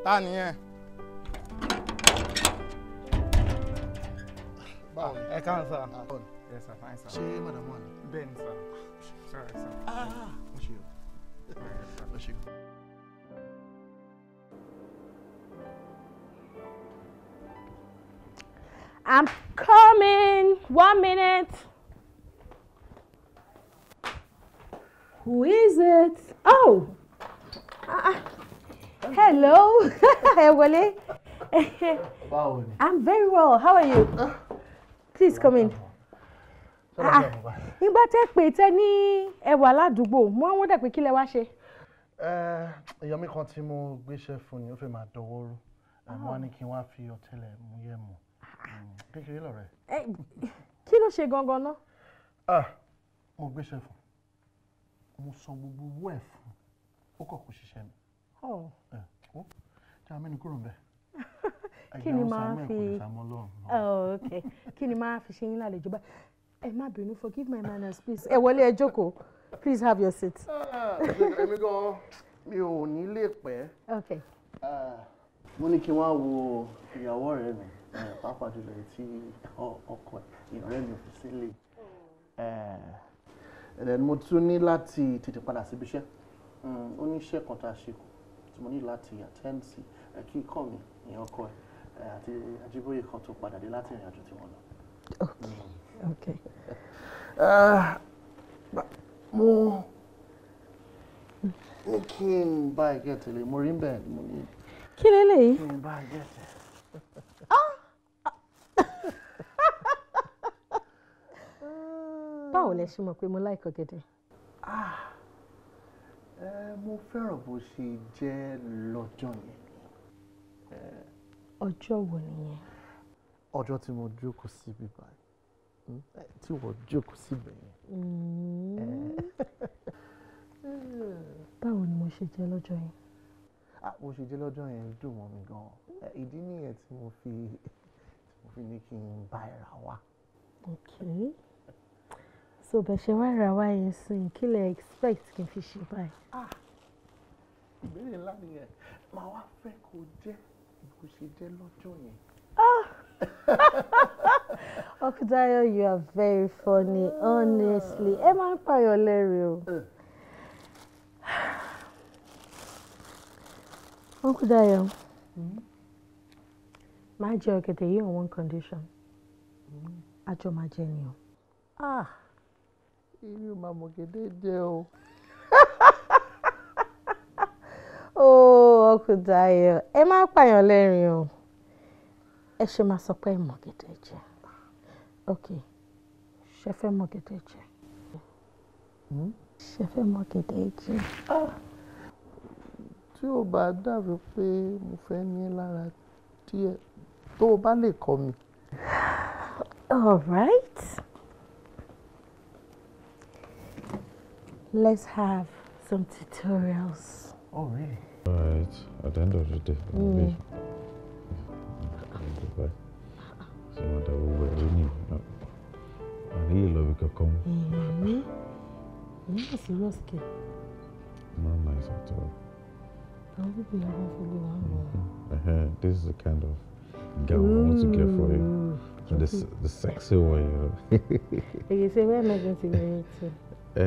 ta nìyẹn. ẹ káàsán. ṣé madam wà ní. bẹ́ẹ̀ ni sir. (laughs) Wọlé. I'm very well. How are you? Ah. Please come in. Ìgbà ah, tẹ́ pé tẹ́ ní ẹwà ládùúgbò, mo wọ́n dẹ̀ pé kí lẹ wá ṣe. Èèyàn eh, mi kan tí mo gbéṣẹ́ fún ni ó fẹ́ máa dọwọ́ rú. Eh, mo wá ní kí n wá fi ọ̀tẹlẹ̀ mú yẹ̀ mọ̀. Hmm, kékeré lọ̀rẹ́. Eh, kí ló ṣe gangan náà? Ah, mo gbéṣẹ́ fún. Mo sọ gbogbo owó ẹ̀ fún. Ó kọ̀ kó ṣiṣẹ́ mi. Oh ṣá mẹ́nu kúrò ńbẹ̀. (laughs) kí ni máa fi (laughs) oh, okay kí ni máa fi ṣe yín lálejò bá ẹ má bínú forgive my manners please ẹ wọlé ẹ jókòó please have your seat. èmi ah, gan mi ò ní lè pẹ́ ah, mo ní kí wọ́n wo ìyàwó rẹ̀ mi eh, pàápàá jùlọ tí ọkọ ìrẹ́ mi ò fi sílẹ̀ ẹ̀ eh, mo tún ní láti tètè padà síbi iṣẹ́ oníṣẹ́ hmm, kan tá a ṣe kù tí mo ní láti attend sí kí ikọ̀ mi ìyẹn ọkọ ẹ̀ àti Ajíbóyè kan tó padà dé láti ìrìn àjò tí wọ́n lọ. okay mm. ah, mo ní kí n bá ẹ gẹ̀tẹ̀ lé mo rí bẹ́ẹ̀ mo ní. kí lélẹ́yìí. kí n bá ẹ gẹ̀tẹ̀. Ah! (laughs) báwo lẹ ṣe mọ̀ pé mo láìkọ̀ gẹ̀dẹ̀. ah mo fẹ́ràn bó ṣe jẹ́ lọ́jọ́ yẹn. ọjọ́ wo nìyẹn. ọjọ́ tí mo jókòó síbi báyìí hmm? tí wọ́n jókòó síbẹ̀ yẹn. Hmm. báwo ni mo ṣe jẹ́ lọ́jọ́ yẹn. mo ah, ṣe jẹ́ lọ́jọ́ yẹn dùn mọ́ mi gan-an ìdí nìyẹn tí mo fi ní kí n bá ẹ̀rà wá. okay so bẹ̀ ṣe wá ra wáyé sìn kí lè expect kí n fi ṣe báyìí. ah ìbéèrè ńlá nìyẹn màá wá fẹ́ kó jẹ́ kó ṣe jẹ́ lọ́jọ́ yẹn. Okudayo, ah! (laughs) you are very funny, honestly. Ẹ máa ń pààyàn lẹ́rìn o. Okudayo, eh. hmm? máa jẹ ọ̀gẹ̀dẹ̀ yìí on one condition. Àjọ hmm. máa jẹ ni o. Ah èmi ò máa mọ̀ gédé jẹ́ o. (laughs) ó ọkùnrin ayọ̀ ẹ má pààyàn o ẹ ṣe máa sọ pé ẹ mọ̀ ok Chefe fẹ́ mọ̀ gédé jẹ́ hmm? ṣe fẹ́ mọ̀ gédé jẹ́. Ah! tí ò bá dàbí pé mo fẹ́ ní lára díẹ̀ tó o all right. Let's have some tutorials. Oh, really? All right. At the end of the day, mm. maybe. Goodbye. Someone that will wear any. I really love you, come. Mm-hmm. You're not serious, Not nice at all. I hope you haven't forgiven her. This is the kind of girl Ooh. I want to get for you. The, the sexy one, you know. (laughs) You say where am I going to wear it to? ẹ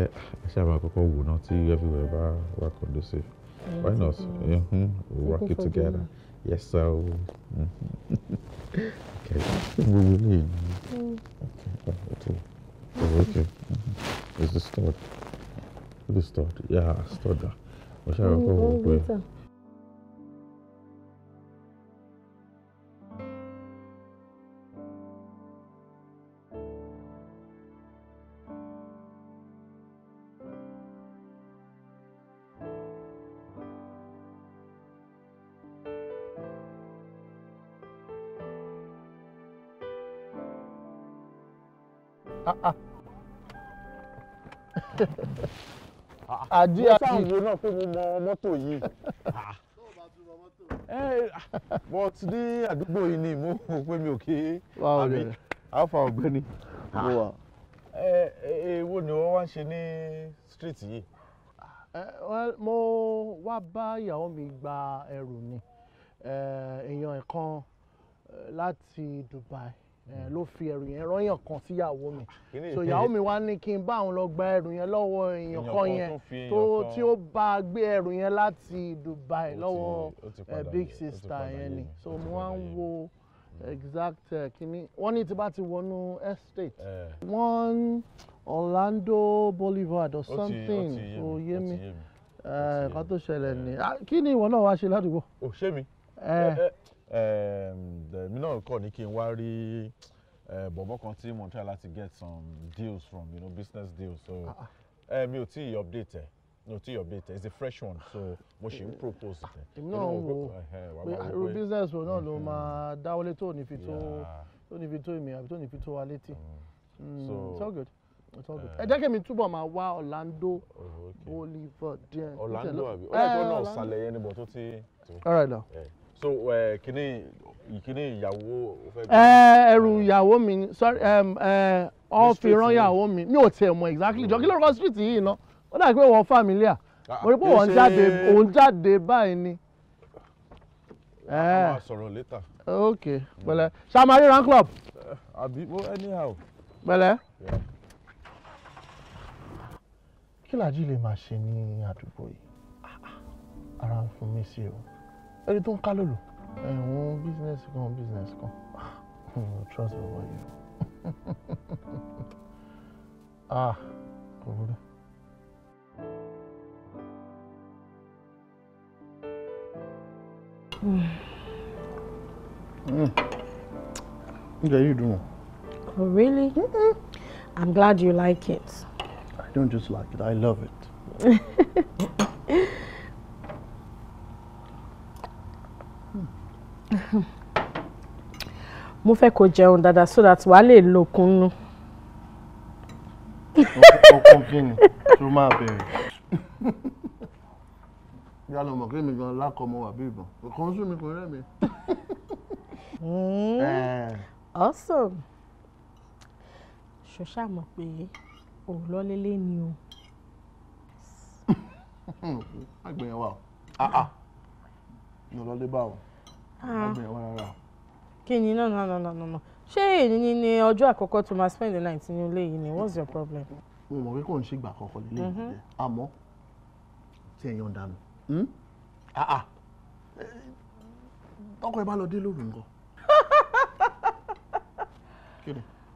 ṣàbà kọ́kọ́ wò náà tí everywhere bá wà conducive why not mm-hmm. we work it together yes sir (laughs) o gbogbo ilé yìí mm. okay okay okay mm-hmm. is this stored is this stored yeah stored ah ọ̀ṣà kọ́kọ́ mm, wò pé. àdí àti ìwé náà pé mo mọ mọ́tò yìí ah. (laughs) but ní àdúgbò yìí ni mo mọ̀ pé mi ò ké àbí alfa ọ̀gbẹ́ni. Ah. èwo ni wọ́n wá ń ṣe ní street yìí. mo wá bá ìyàwó mi gba ẹrù ni èèyàn kan láti Dubai ló fi ẹrù yẹn rọ́yàn kan síyàwó mi so ìyàwó mi wá ní kí n bá òun lọ gba ẹrù yẹn lọ́wọ́ èèyàn kan yẹn tó tí ó bá gbé ẹrù yẹn láti Dubai lọ́wọ́ big sister yẹn ni so mo wá ń wo exact kínní wọ́n ní tí bá ti wọnú estate one Orlando Boulevard or something oyè mi nǹkan tó ṣẹlẹ̀ ni kí ni ìwọ náà wá ṣe ládùúgbò. ò ṣé mi èmi náà kọ̀ ní kí n wá rí eh, bọ̀bọ̀ kan tí mo try láti get some deals from you know business deals so ah, ah. Eh, mi ò tí ì update ẹ̀ mi ò tí ì update ẹ̀ it's a fresh one so mo ṣì ń eh, propose ah, it. èmi náà wo pé irú business wo náà ló mm-hmm. máa dáwọ́lé tó ní fi tó tó ní fi tó èmi àbí tó ní fi tó wa létí mm. hmm, so it's all good ẹ jẹ́ kí mi túbọ̀ máa wá Orlando Boulevard oh, díẹ̀. Orlando àbí ó lè gbọ́ náà ṣàlẹ̀ yẹn níbo tó ti. all right now. Yeah so ẹ eh, kini kini ìyàwó fẹ́. ẹ eh, ẹrù ìyàwó mi sorry ẹ ọ fi ran ìyàwó mi mi ò tiẹ̀ mọ̀ exactly jọ kí lórúkọ street yìí ná ó dàbí pé wọ́n familiar ah, ah, mo rí pé wọ́n jáde òun jáde báyìí ni. ẹ ẹ eh. sọ̀rọ̀ later. ok pẹ̀lẹ́ samari ran club. àbí mo anyhow. pẹ̀lẹ́. kí làjí lè máa ṣe ní àdúgbò yìí ah, ara ń fún mi sí o ẹni tó ń ká lòlò ẹ̀wọ̀n business kan business kan trust me wọ́n yìí (laughs) ah kò burú. Ǹjẹ́ hmm. yìí dùn wọ́n? Oh really? Mm-mm. I'm glad you like it. I don't just like it, I love it. (laughs) mo fẹ́ kó jẹun dáadáa so that wàá lè lókun nù. (laughs) okun kí ni tó máa bẹ̀rẹ̀ yà lọ mọ̀ kí mi gan lákọ̀ ọmọ wà bí ìbọn kò ń sún mi kò rẹ́ mi. Hmm. Eh. awesome ṣọṣà mọ̀ pé òun lọ́lélẹ́ ni o. àgbẹ̀yẹ̀wò àà ní ọlọ́lé báwo àgbẹ̀yẹ̀wò rárá kí no, no no no no no ṣé èyí ni ni ọjọ́ àkọ́kọ́ tó máa spend the night ní ilé yìí ni what's your problem. mo mọ̀ pé kò ń ṣègbà àkọ́kọ́ nílé yìí mm-hmm. àmọ́ tí ẹ̀yàn ń dànù hmm? ah, ah. ọkọ ẹ bá lọ dé lóru (laughs) nǹkan.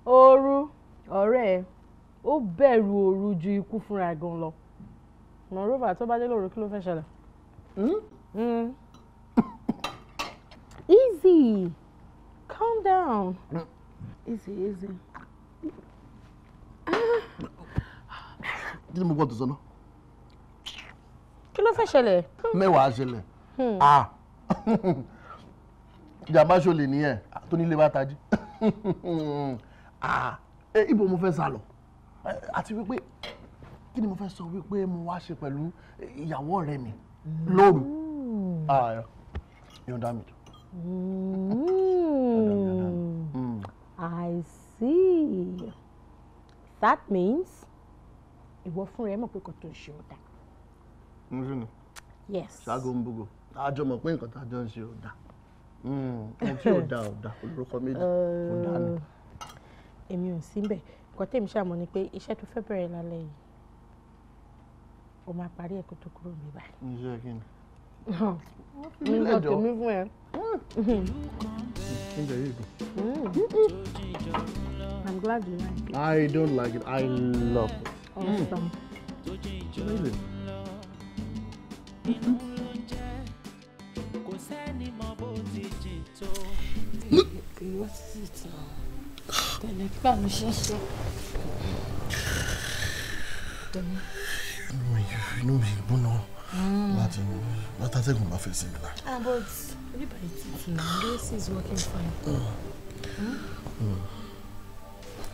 ooru ọ̀rẹ́ ẹ ó bẹ̀rù ooru ju ikú fúnra gan lọ mọ̀rọ́bà tó bá dé lóru kí ló fẹ́ ṣẹlẹ̀. Hmm? Hmm. (laughs) easy. Calm down. Easy, easy. Kí ni mo gbọ́ tó sọ náà? Kí ló fẹ́ ṣẹlẹ̀? Mẹ́wàá ṣẹlẹ̀. Hmm. Ah. Ìjàmbá ṣolè nìyẹn tó nílé bá tají. Ah. Ibo mo fẹ́ sá lọ. Àti wípé kí ni mo fẹ́ sọ wípé mo wá ṣe pẹ̀lú ìyàwó ọ̀rẹ́ mi lóru. Hmm. Ah, yọ̀ǹda mi. I see. That means ìwọ fún rẹ mọ̀ pé kò tó ṣe ó dá. ni. Yes. Ṣáàgó ń búgò. Àjọ mọ̀ pé nǹkan tá a ń ṣe ò Ohun hmm, tí ò dá ò olórúkọ méjì ò dá ni. Uh, èmi ò síbẹ̀. Nǹkan tèmi ṣàmọ̀ ni pé iṣẹ́ tó fẹ́ bẹ̀rẹ̀ lálẹ́ yìí. O máa parí ẹ̀ kó tó kúrò níbà. Iṣẹ́ kí ni? ọ̀tẹ̀ mi fún ẹ. oúnjẹ yìí dùn. Mm. I'm glad you like it. I don't like it. I love it. Awesome. Mm. Really? What is it now? Tẹ̀lé gbà mí ṣẹ́ṣẹ́. Tẹ̀lé. Inú mi gbóná láti látàtẹ̀gùn máa fèsì mi náà. ah but everybody titi na this is working fine. Hmm? Mm.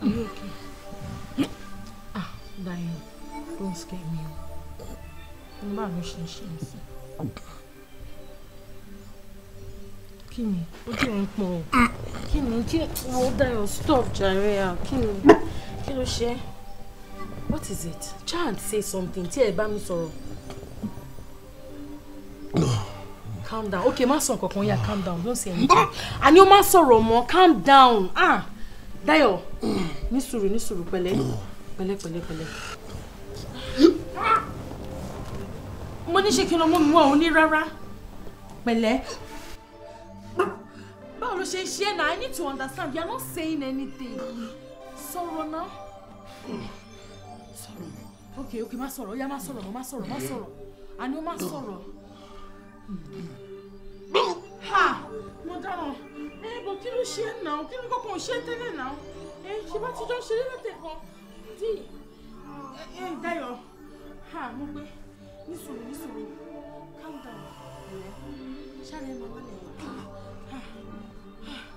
Are you okay? ah Dayo don't scare me o ní bá mi ṣe ṣe sí. kí ni ojú ẹ̀ ń pọ̀ o kí ni kí wo Dayo stop jàre ah kí ni kí ló ṣe what is it? chant say something tí ẹ bá mi sọ̀rọ̀. calm down okay má sọ nǹkan kan calm down don't say anything ah, àní o má sọ̀rọ̀ mọ́ calm down ah Dayọ̀ ní sùúrù ní sùúrù pẹ̀lẹ́ pẹ̀lẹ́ pẹ̀lẹ́ pẹ̀lẹ́. mo ní ṣe kí n lọ mú mi wá òun ní rárá pẹ̀lẹ́ báwo ló ṣe ń ṣe é I need to understand you are not saying anything sọ̀rọ̀ náà sọ̀rọ̀ okay okay má sọ̀rọ̀ ó yá má sọ̀rọ̀ má sọ̀rọ̀ má sọ̀rọ̀ àní ó má sọ̀rọ̀ mo dáràn ẹ eh, bò kí ló ṣe nà ó kí ló kọ́kọ́ ṣe tẹ́lẹ̀ nà ó ẹ ṣe bá ti jọ ṣe lẹ́tẹ̀ kan tí ẹ eh, eh, Dayọ̀ mo gbé nísòro nísòro calm down ṣáàlẹ̀ máa wà lẹ́yìn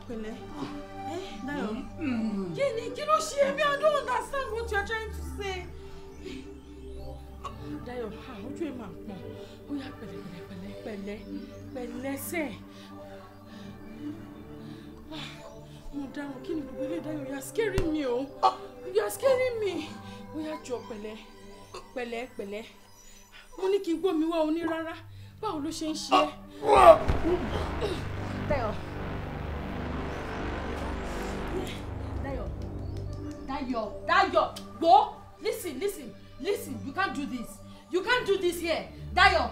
pẹ̀lẹ́ ẹ Dayọ̀ kí ni kí ló ṣe bí I don't understand what you are trying to say. Dayọ̀ ojú ẹ̀ máa pọ̀ ó yá pẹ̀lẹ́pẹ̀lẹ́pẹ̀lẹ́ pẹ̀lẹ́sẹ̀ ah, mo dáhùn kí ni gbogbo ilé ìdáyọ̀ you are scaring me o oh. you are scaring me ó yá jọ pẹ̀lẹ́ pẹ̀lẹ́ pẹ̀lẹ́ mo ní kí n gbómi wá oní rárá báwo ló ṣe ń ṣe ẹ́. Dayọ̀ Dayọ̀ Dayọ̀ Dayọ̀ gbó listen listen listen you can't do this you can't do this here Dayọ̀.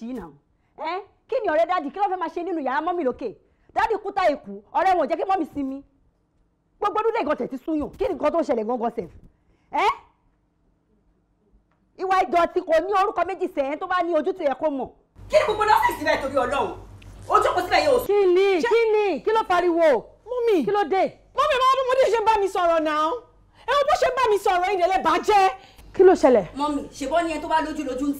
ṣì í nà ẹ́ kí ni ọ̀rẹ́ dáàdì kí ló fẹ́ máa ṣe nínú yàrá mọ́mì lókè dáàdì kúta èkú ọ̀rẹ́ wọn ò jẹ́ kí mọ́mì sinmi gbogbo ọdún lẹ́gàn tẹ̀sí súnyàn kí ni nǹkan tó ń ṣẹlẹ̀ gangan sẹ̀ ẹ́ ìwà ìdọ̀tí kò ní orúkọ méjì sẹ́yìn tó bá ní ojú tó yẹ kó mọ̀. ni gbogbo lọ́sẹ̀sì bẹ́ẹ̀ torí ọlọ́run ojú kò síbẹ̀ yóò. kí ni kí ni kí ló pariwo. mọ́mì kí ló dé. mọ́mì máa bí mo dé ṣe ń bá mi sọ̀rọ̀ náà ẹ wo bó ṣe ń bá mi sọ̀rọ̀ ìdẹ̀lẹ̀ bàjẹ́. kí ló ṣẹlẹ̀. mọ́mì ṣèbọ́ ni ẹ tó bá lójú lójú ń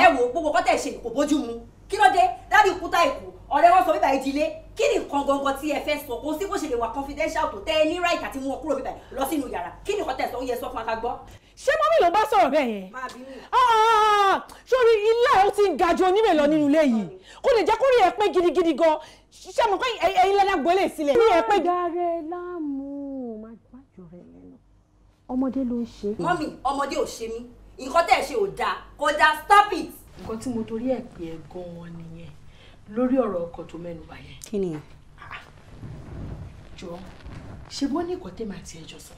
ẹ wò gbogbo kọ́tẹ̀ ṣe kò bójú mu kí ló dé dábì kúta ìkù ọ̀rẹ́ wọn sọ bíbá ìdílé kí ni nǹkan gangan tí ẹ fẹ́ sọ kó sí kó ṣe lè wà confidential tó tẹ́ ẹ ní right àti mú wọn kúrò bíbá lọ sínú yàrá kí ni kọ́tẹ̀ sọ ó yẹ sọ fún akágbọ́. ṣé mọ́mí ló bá sọ̀rọ̀ bẹ́ẹ̀ yẹn ah! sórí ilé ó ti ń ga ju onímọ̀ lọ nínú ilé yìí kò lè jẹ́ kó rí ẹ pé gidigidi gan ṣe mọ̀ pé ẹ̀yin lẹ́dá gbọ́lé sílẹ̀. rí ẹ pé. gàrẹ láàmú ọmọdé ló ń ṣe. mọ́mí ọmọdé ò ṣe mí nǹkan tẹ̀ ṣe ò dáa kò dáa stop it. nǹkan tí mo torí ẹ̀ pé ẹ gan-an nìyẹn lórí ọ̀rọ̀ ọkọ̀ tó mẹ́nu bà yẹn. kí ni. Ah, jọ ṣe bọ́ ní ìkọ́tẹ́ màá ti ẹjọ́ sọ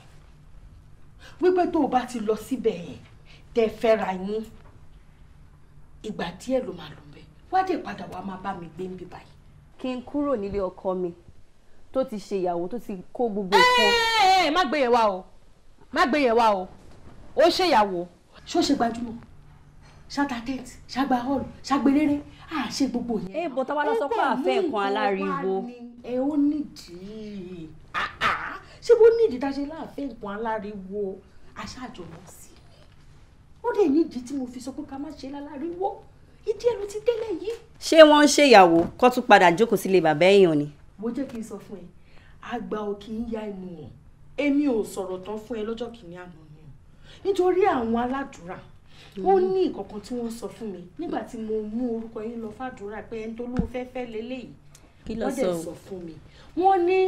wípé tó o bá ti lọ síbẹ̀ yẹn tẹ́ fẹ́ra yín ìgbà díẹ̀ ló máa lò ń bẹ̀ wádìí padà wàá máa bá mi gbé ń bí báyìí. kí n kúrò nílé ọkọ mi tó ti ṣe ìyàwó tó ti kó gbogbo nǹkan. ẹ ẹ má gbé yẹn wá o má gbé yẹn wá o ó ṣèyàwó ṣó ṣe gbajúmọ̀ ṣàgbà tent ṣàgbà hall ṣàgbélére à ṣe gbogbo yẹn. ẹ eh, bọ́tà wa lọ sọ pé àfẹ́ kan aláriwo. ẹ ó nídìí ah, ah. ṣé bó nídìí tá a ṣe láàfẹ́ nǹkan aláriwo aṣáájọ lọ sí i ó dẹ̀ nídìí tí mo fi sọ pé ká má ṣe láláriwo ìdí ẹ̀rù ti délẹ̀ yìí. ṣé wọ́n ń ṣèyàwó kó tún padà jókòó sílé bàbá èèyàn ni. mo jẹ́ kí n sọ fún ẹ àgbà ò kì í ya ìmọ̀ èmi ò sọ̀rọ̀ tán fún ẹ lọ́jọ́ kìíní àná nítorí àwọn aládùúrà wọ́n ní ìkọ̀kan tí wọ́n sọ fún mi nígbà tí mo mú orúkọ yín lọ fàdúrà pé ẹni tó lóun fẹ́ẹ́ fẹ́ leléyìí wọ́n dẹ̀ sọ fún mi wọ́n ní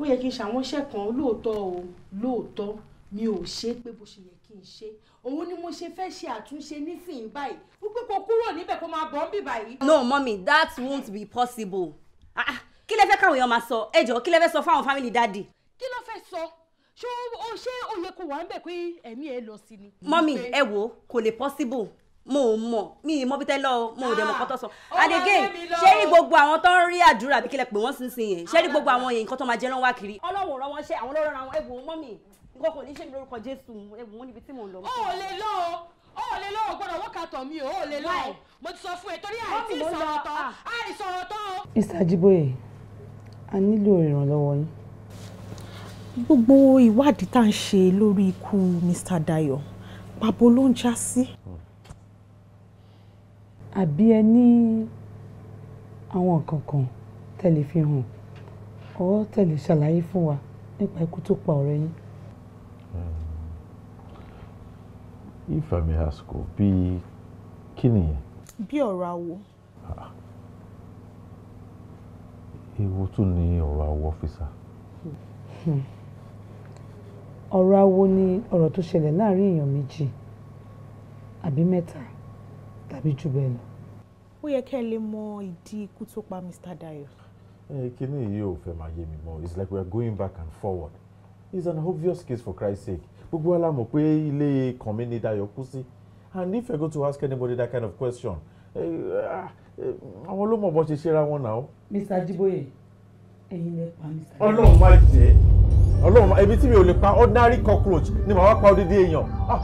ó yẹ kí n ṣàwọ́nṣẹ́ kan lóòótọ́ o lóòótọ́ mi ò ṣe pé bó ṣe yẹ kí n ṣe òun ni mo ṣe fẹ́ ṣe àtúnṣe nísìnyí báyìí wípé kò kúrò níbẹ̀ kó máa bọ̀ ń bì báyìí. no mummy that won't be possible ah, ah kí lẹ fẹ́ káwọn èèyàn máa sọ ẹ jọ̀ọ́ kí lẹ fẹ́ sọ fáwọn family daddy. kí ló fẹ́ sọ ṣé o ṣé o yẹ kó wà ń bẹ̀ pé ẹ̀mí ẹ lọ sí ni. mọ́mì ẹ wo kò lè possible mo ò mọ̀ mi ì mọ̀ tẹ́lọ̀ mo ò dẹ̀ mọ̀ ah, kọ́tọ̀ sọ. and again ṣé rí gbogbo àwọn tó ń rí àdúrà àbí kílẹ̀ pé wọ́n sì ń sìn yẹn ṣé rí gbogbo àwọn yẹn nǹkan tó máa jẹ́ lọ́wọ́ kiri. ọlọ́run rán wọn ṣe àwọn olóró ra wọn ẹ̀bùn mọ́mì nǹkan kò ní ṣe mi lórúkọ jésù ẹ̀bùn wọn níbi tí mò ń lọ. o ò lè lọ o ò lè lọ o gbọ́dọ̀ wọ́kàtọ̀ mi o ò lè lọ o mo ti sọ fún ẹ torí àìsí ìsọ̀rọ̀ tán ah. àìsọ̀rọ̀ tán. a nílò ìrànlọ́wọ́ yín gbogbo ìwádìí tá à ń ṣe lórí ikú Mr. Dayo pàbó ló ń já sí. àbí ẹ ní àwọn nǹkan kan tẹ́ lè fi hàn ọ́ tẹ́ lè ṣàlàyé fún wa nípa ikú tó pa ọ̀rẹ́ yín. Hmm. if I o oh, bíi kí nìyẹn. bí ọ̀rọ̀ awo. Ah. èwo tún ni ọ̀rọ̀ awo ọ́fíìsà. Hmm. Ọ̀rọ̀ awo ni ọ̀rọ̀ tó ṣẹlẹ̀ láàárín èèyàn méjì àbí mẹ́ta tàbí jù bẹ́ẹ̀ lọ. Ó yẹ kẹ́ ẹ lè mọ ìdí ikú tó pa Mr. Dayo. Ẹ yìí ò fẹ́ máa yé mi mọ́. It's like we are going back and forward. It's an obvious case for Christ's sake. Gbogbo wa la mọ̀ pé ilé kan Dayo kú sí. And if I go to ask anybody that kind of question, àwọn ló mọ̀ bó ṣe ṣe ra wọn náà. Mr. Jiboye, ẹ̀yin lè pa Mr. Ọlọ́run má jẹ́ ọlọ́run ebi tí mi ò lè pa ordinary cockroach ni màá wá pa odidi èèyàn ah,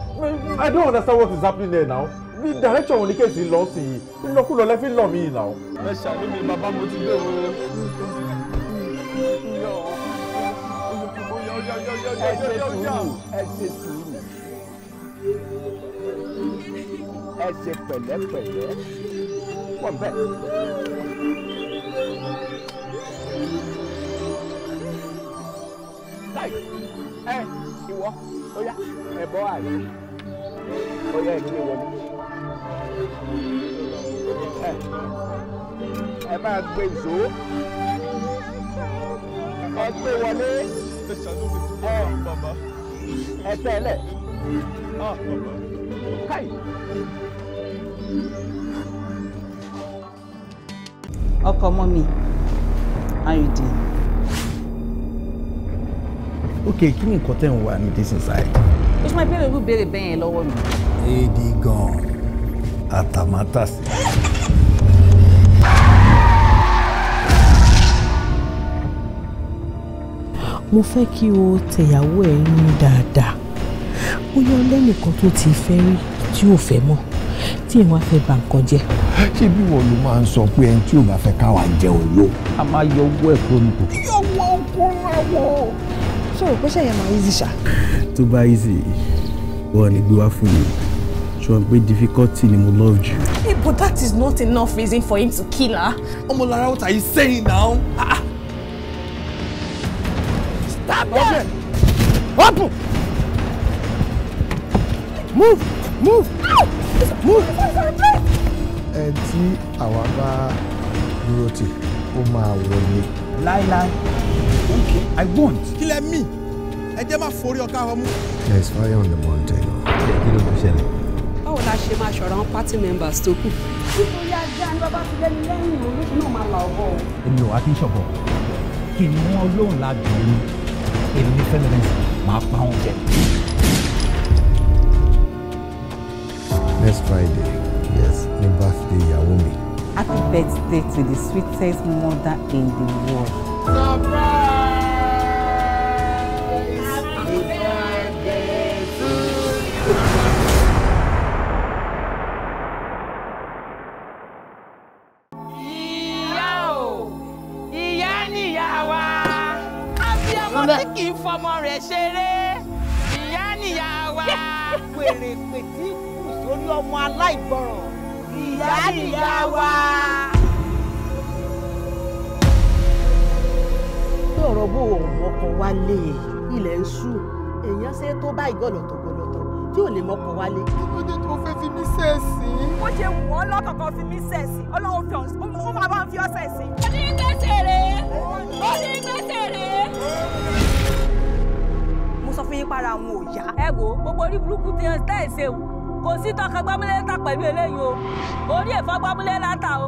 i don't understand what is happening there now bí direction òun ní kéèsì lọ sí i lọkùlọ lẹ́fí lọ mí ìlà o. ẹ ṣàánú mi bàbá mo ti dé o. ẹ sùúrù ẹ ṣe sùúrù ẹ báyìí ẹ ìwọ ó yá ẹ bọ́ àyè ó yá ìdílé wọlé ẹ ẹ máa gbé ìṣó ẹ gbé wọlé ẹ ẹ tẹ́lẹ̀ káyì. ọkọ mọ mi how you dey ok kí ni nǹkan tẹ̀ ń wà ní this inside. ó ṣe máa bẹ̀rẹ̀ irú béèrè bẹ́ẹ̀ yẹn lọ́wọ́ mi. èdè gan-an àtàmátàsí. mo fẹ́ kí o tẹ̀yàwó ẹ̀ ní dáadáa bóyá ọlẹ́nìkan tó ti fẹ́ rí tí ò fẹ́ mọ́ tí ìwọ̀n fẹ́ bà nǹkan jẹ́. ṣé bí wọn ló máa ń sọ pé ẹni tí ò bá fẹ́ káwa jẹ òun ló. a máa yọ owó ẹ̀ kúrò nípò. yọ owó kúrò náà wọ̀. So, o kò ṣe yẹn máa easy ṣá. tó bá easy wọn ni gbé wá fún mi ṣùgbọ́n pé difficulty ni mo love jù. Hey, but that is not enough reason for him to kill her. Ọmọlára, what are you saying now? Ah, ah. Stop them! Open! Move! Move! Ow! Move! Ẹ tí àwa bá dúró tì, ó máa wọlé. Láíláí. Okay, I won't. Kí lẹ mí? Ẹ jẹ́ máa forí ọkà ọmú. There is fire on the mountain. Ṣé kí ló fi ṣẹlẹ̀? Báwo la ṣe máa ṣọ̀rọ̀ àwọn party members tó kù? Nítorí ajá ni bàbá ti lẹ́nu lẹ́yìn olóṣù náà máa la ọ̀bọ̀. Èmi ò wá kí n ṣọ̀bọ̀. Kì ní wọn lóhùn láàbì omi. Èmi ní fẹ́mẹ́rẹ́sì máa pa wọn jẹ. Next Friday, yes, ní birthday ìyàwó mi. Happy birthday to the sweetest mother in the world. Surprise! gọ̀lọ̀tọ̀ gọ̀lọ̀tọ̀ tí ò lè mọ́kọ wálé. kí ló dé tó fẹ́ fi mí sẹ́ẹ̀sì. bó ṣe wù ọ́ lọ́kọ̀ọ̀kan fi mí sẹ́ẹ̀sì ọlọ́run fi ọ̀sùn ó máa bá ń fi ọ́ sẹ́ẹ̀sì. ó ní gbèsè rè é ó ní gbèsè rè é. mo sọ fún yín para àwọn òòyà. ẹ wo gbogbo orí burúkú ti hàn tẹ́ ẹ̀ ṣe wù kò sí tọkàn gbámúlé ta pẹ̀lú eléyìí o orí ẹ̀fọ́ gbámúlé láta o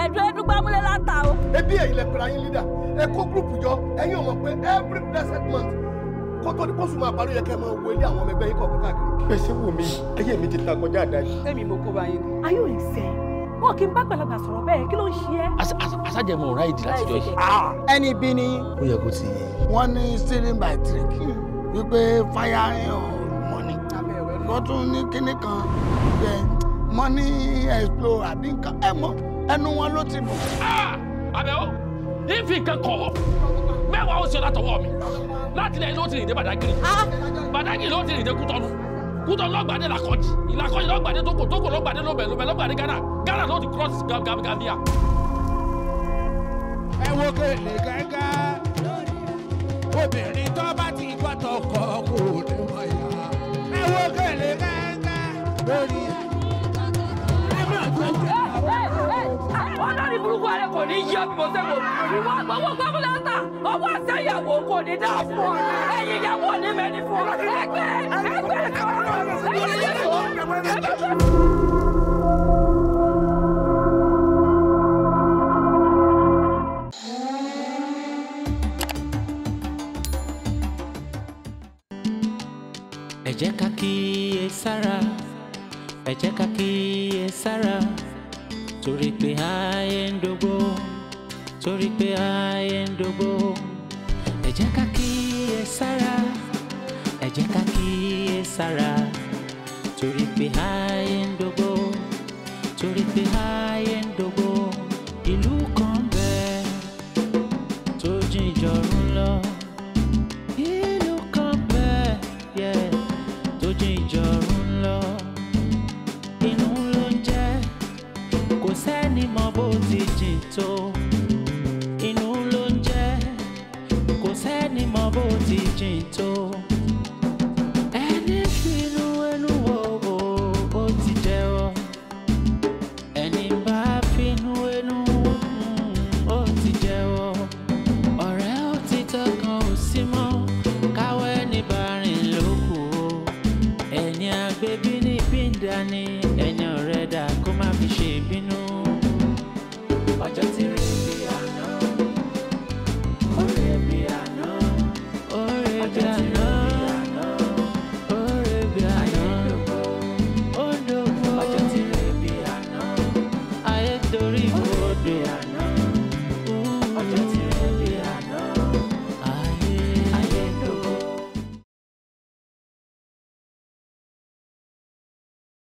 ẹ̀dùn ẹ̀dùn gbámúlé láta o. ebi èyí lẹ pẹ̀lú ayé lídà ẹ kó gúrùpù jọ ẹ̀yin ò mọ̀ pé every blessed month kó tó ní kóṣù máa parí yẹ kẹ́ ẹ máa wo ilé àwọn ọmọ ẹgbẹ́ yín kọ̀ọ̀kan káàkiri. bẹ́sẹ̀ wò mí ayé mi ti ta kọjá àdáyé. èmi mo kó bá yín. ayé ò sẹ́ wọn kì í bá gbàlagbà sọ̀rọ̀ bẹ́ẹ̀ kí ló ń ṣe é. asájẹmọ ọ̀rá ìdí látijọ́ yìí. Ah, ẹni bí ni. ó yẹ kó ti yé. wọ́n ní stealing by trick wípé firing on money wọ́n tún ní kinní kan money explode àbí nǹkan ẹ̀ mọ́ ẹnu wọn ló ti bọ̀. àbẹ̀wò ah, ìfi nǹkan kọ̀ mẹ́wàá ó ṣe látọwọ́ mi láti ilẹ̀ ló ti rìn dé Badagry ah. Badagry ló ti rìn dé Kútọ́nù Kútọ́nù lọ́gbàdé làkọ́jì ìlàkọ́jì lọ́gbàdé Tógò Tógò lọ́gbàdé lóbẹ̀ lóbẹ̀ lọ́gbàdé Ghana Ghana ló cross Gambia. ẹ wo kele gẹ́gẹ́ obìnrin tó bá ti gbọ́tọ̀ kọ́ kó lè mọ̀ yá ẹ wo kele gẹ́gẹ́ lórí ẹ má gbọ́dọ̀ ọlọ́rin burúkú ààrẹ kò ní yí ọbí mo sẹ́wọ̀ ìwọ gbogbo gọ́mùlátà ọwọ́ àṣẹyàwó kò ní dáa fún ọ ẹ̀yìn ìyàwó ní mẹ́ni fún ọ ẹgbẹ́ ẹgbẹ́ ẹ̀kọ́ ẹgbẹ́ ẹ̀kọ́. ẹ jẹ́ ká kíyè sára ẹ jẹ́ ká kíyè sára torí pé ayé ń dógó torí pé ayé ń dógó ẹ jẹ́ ká kíyè sára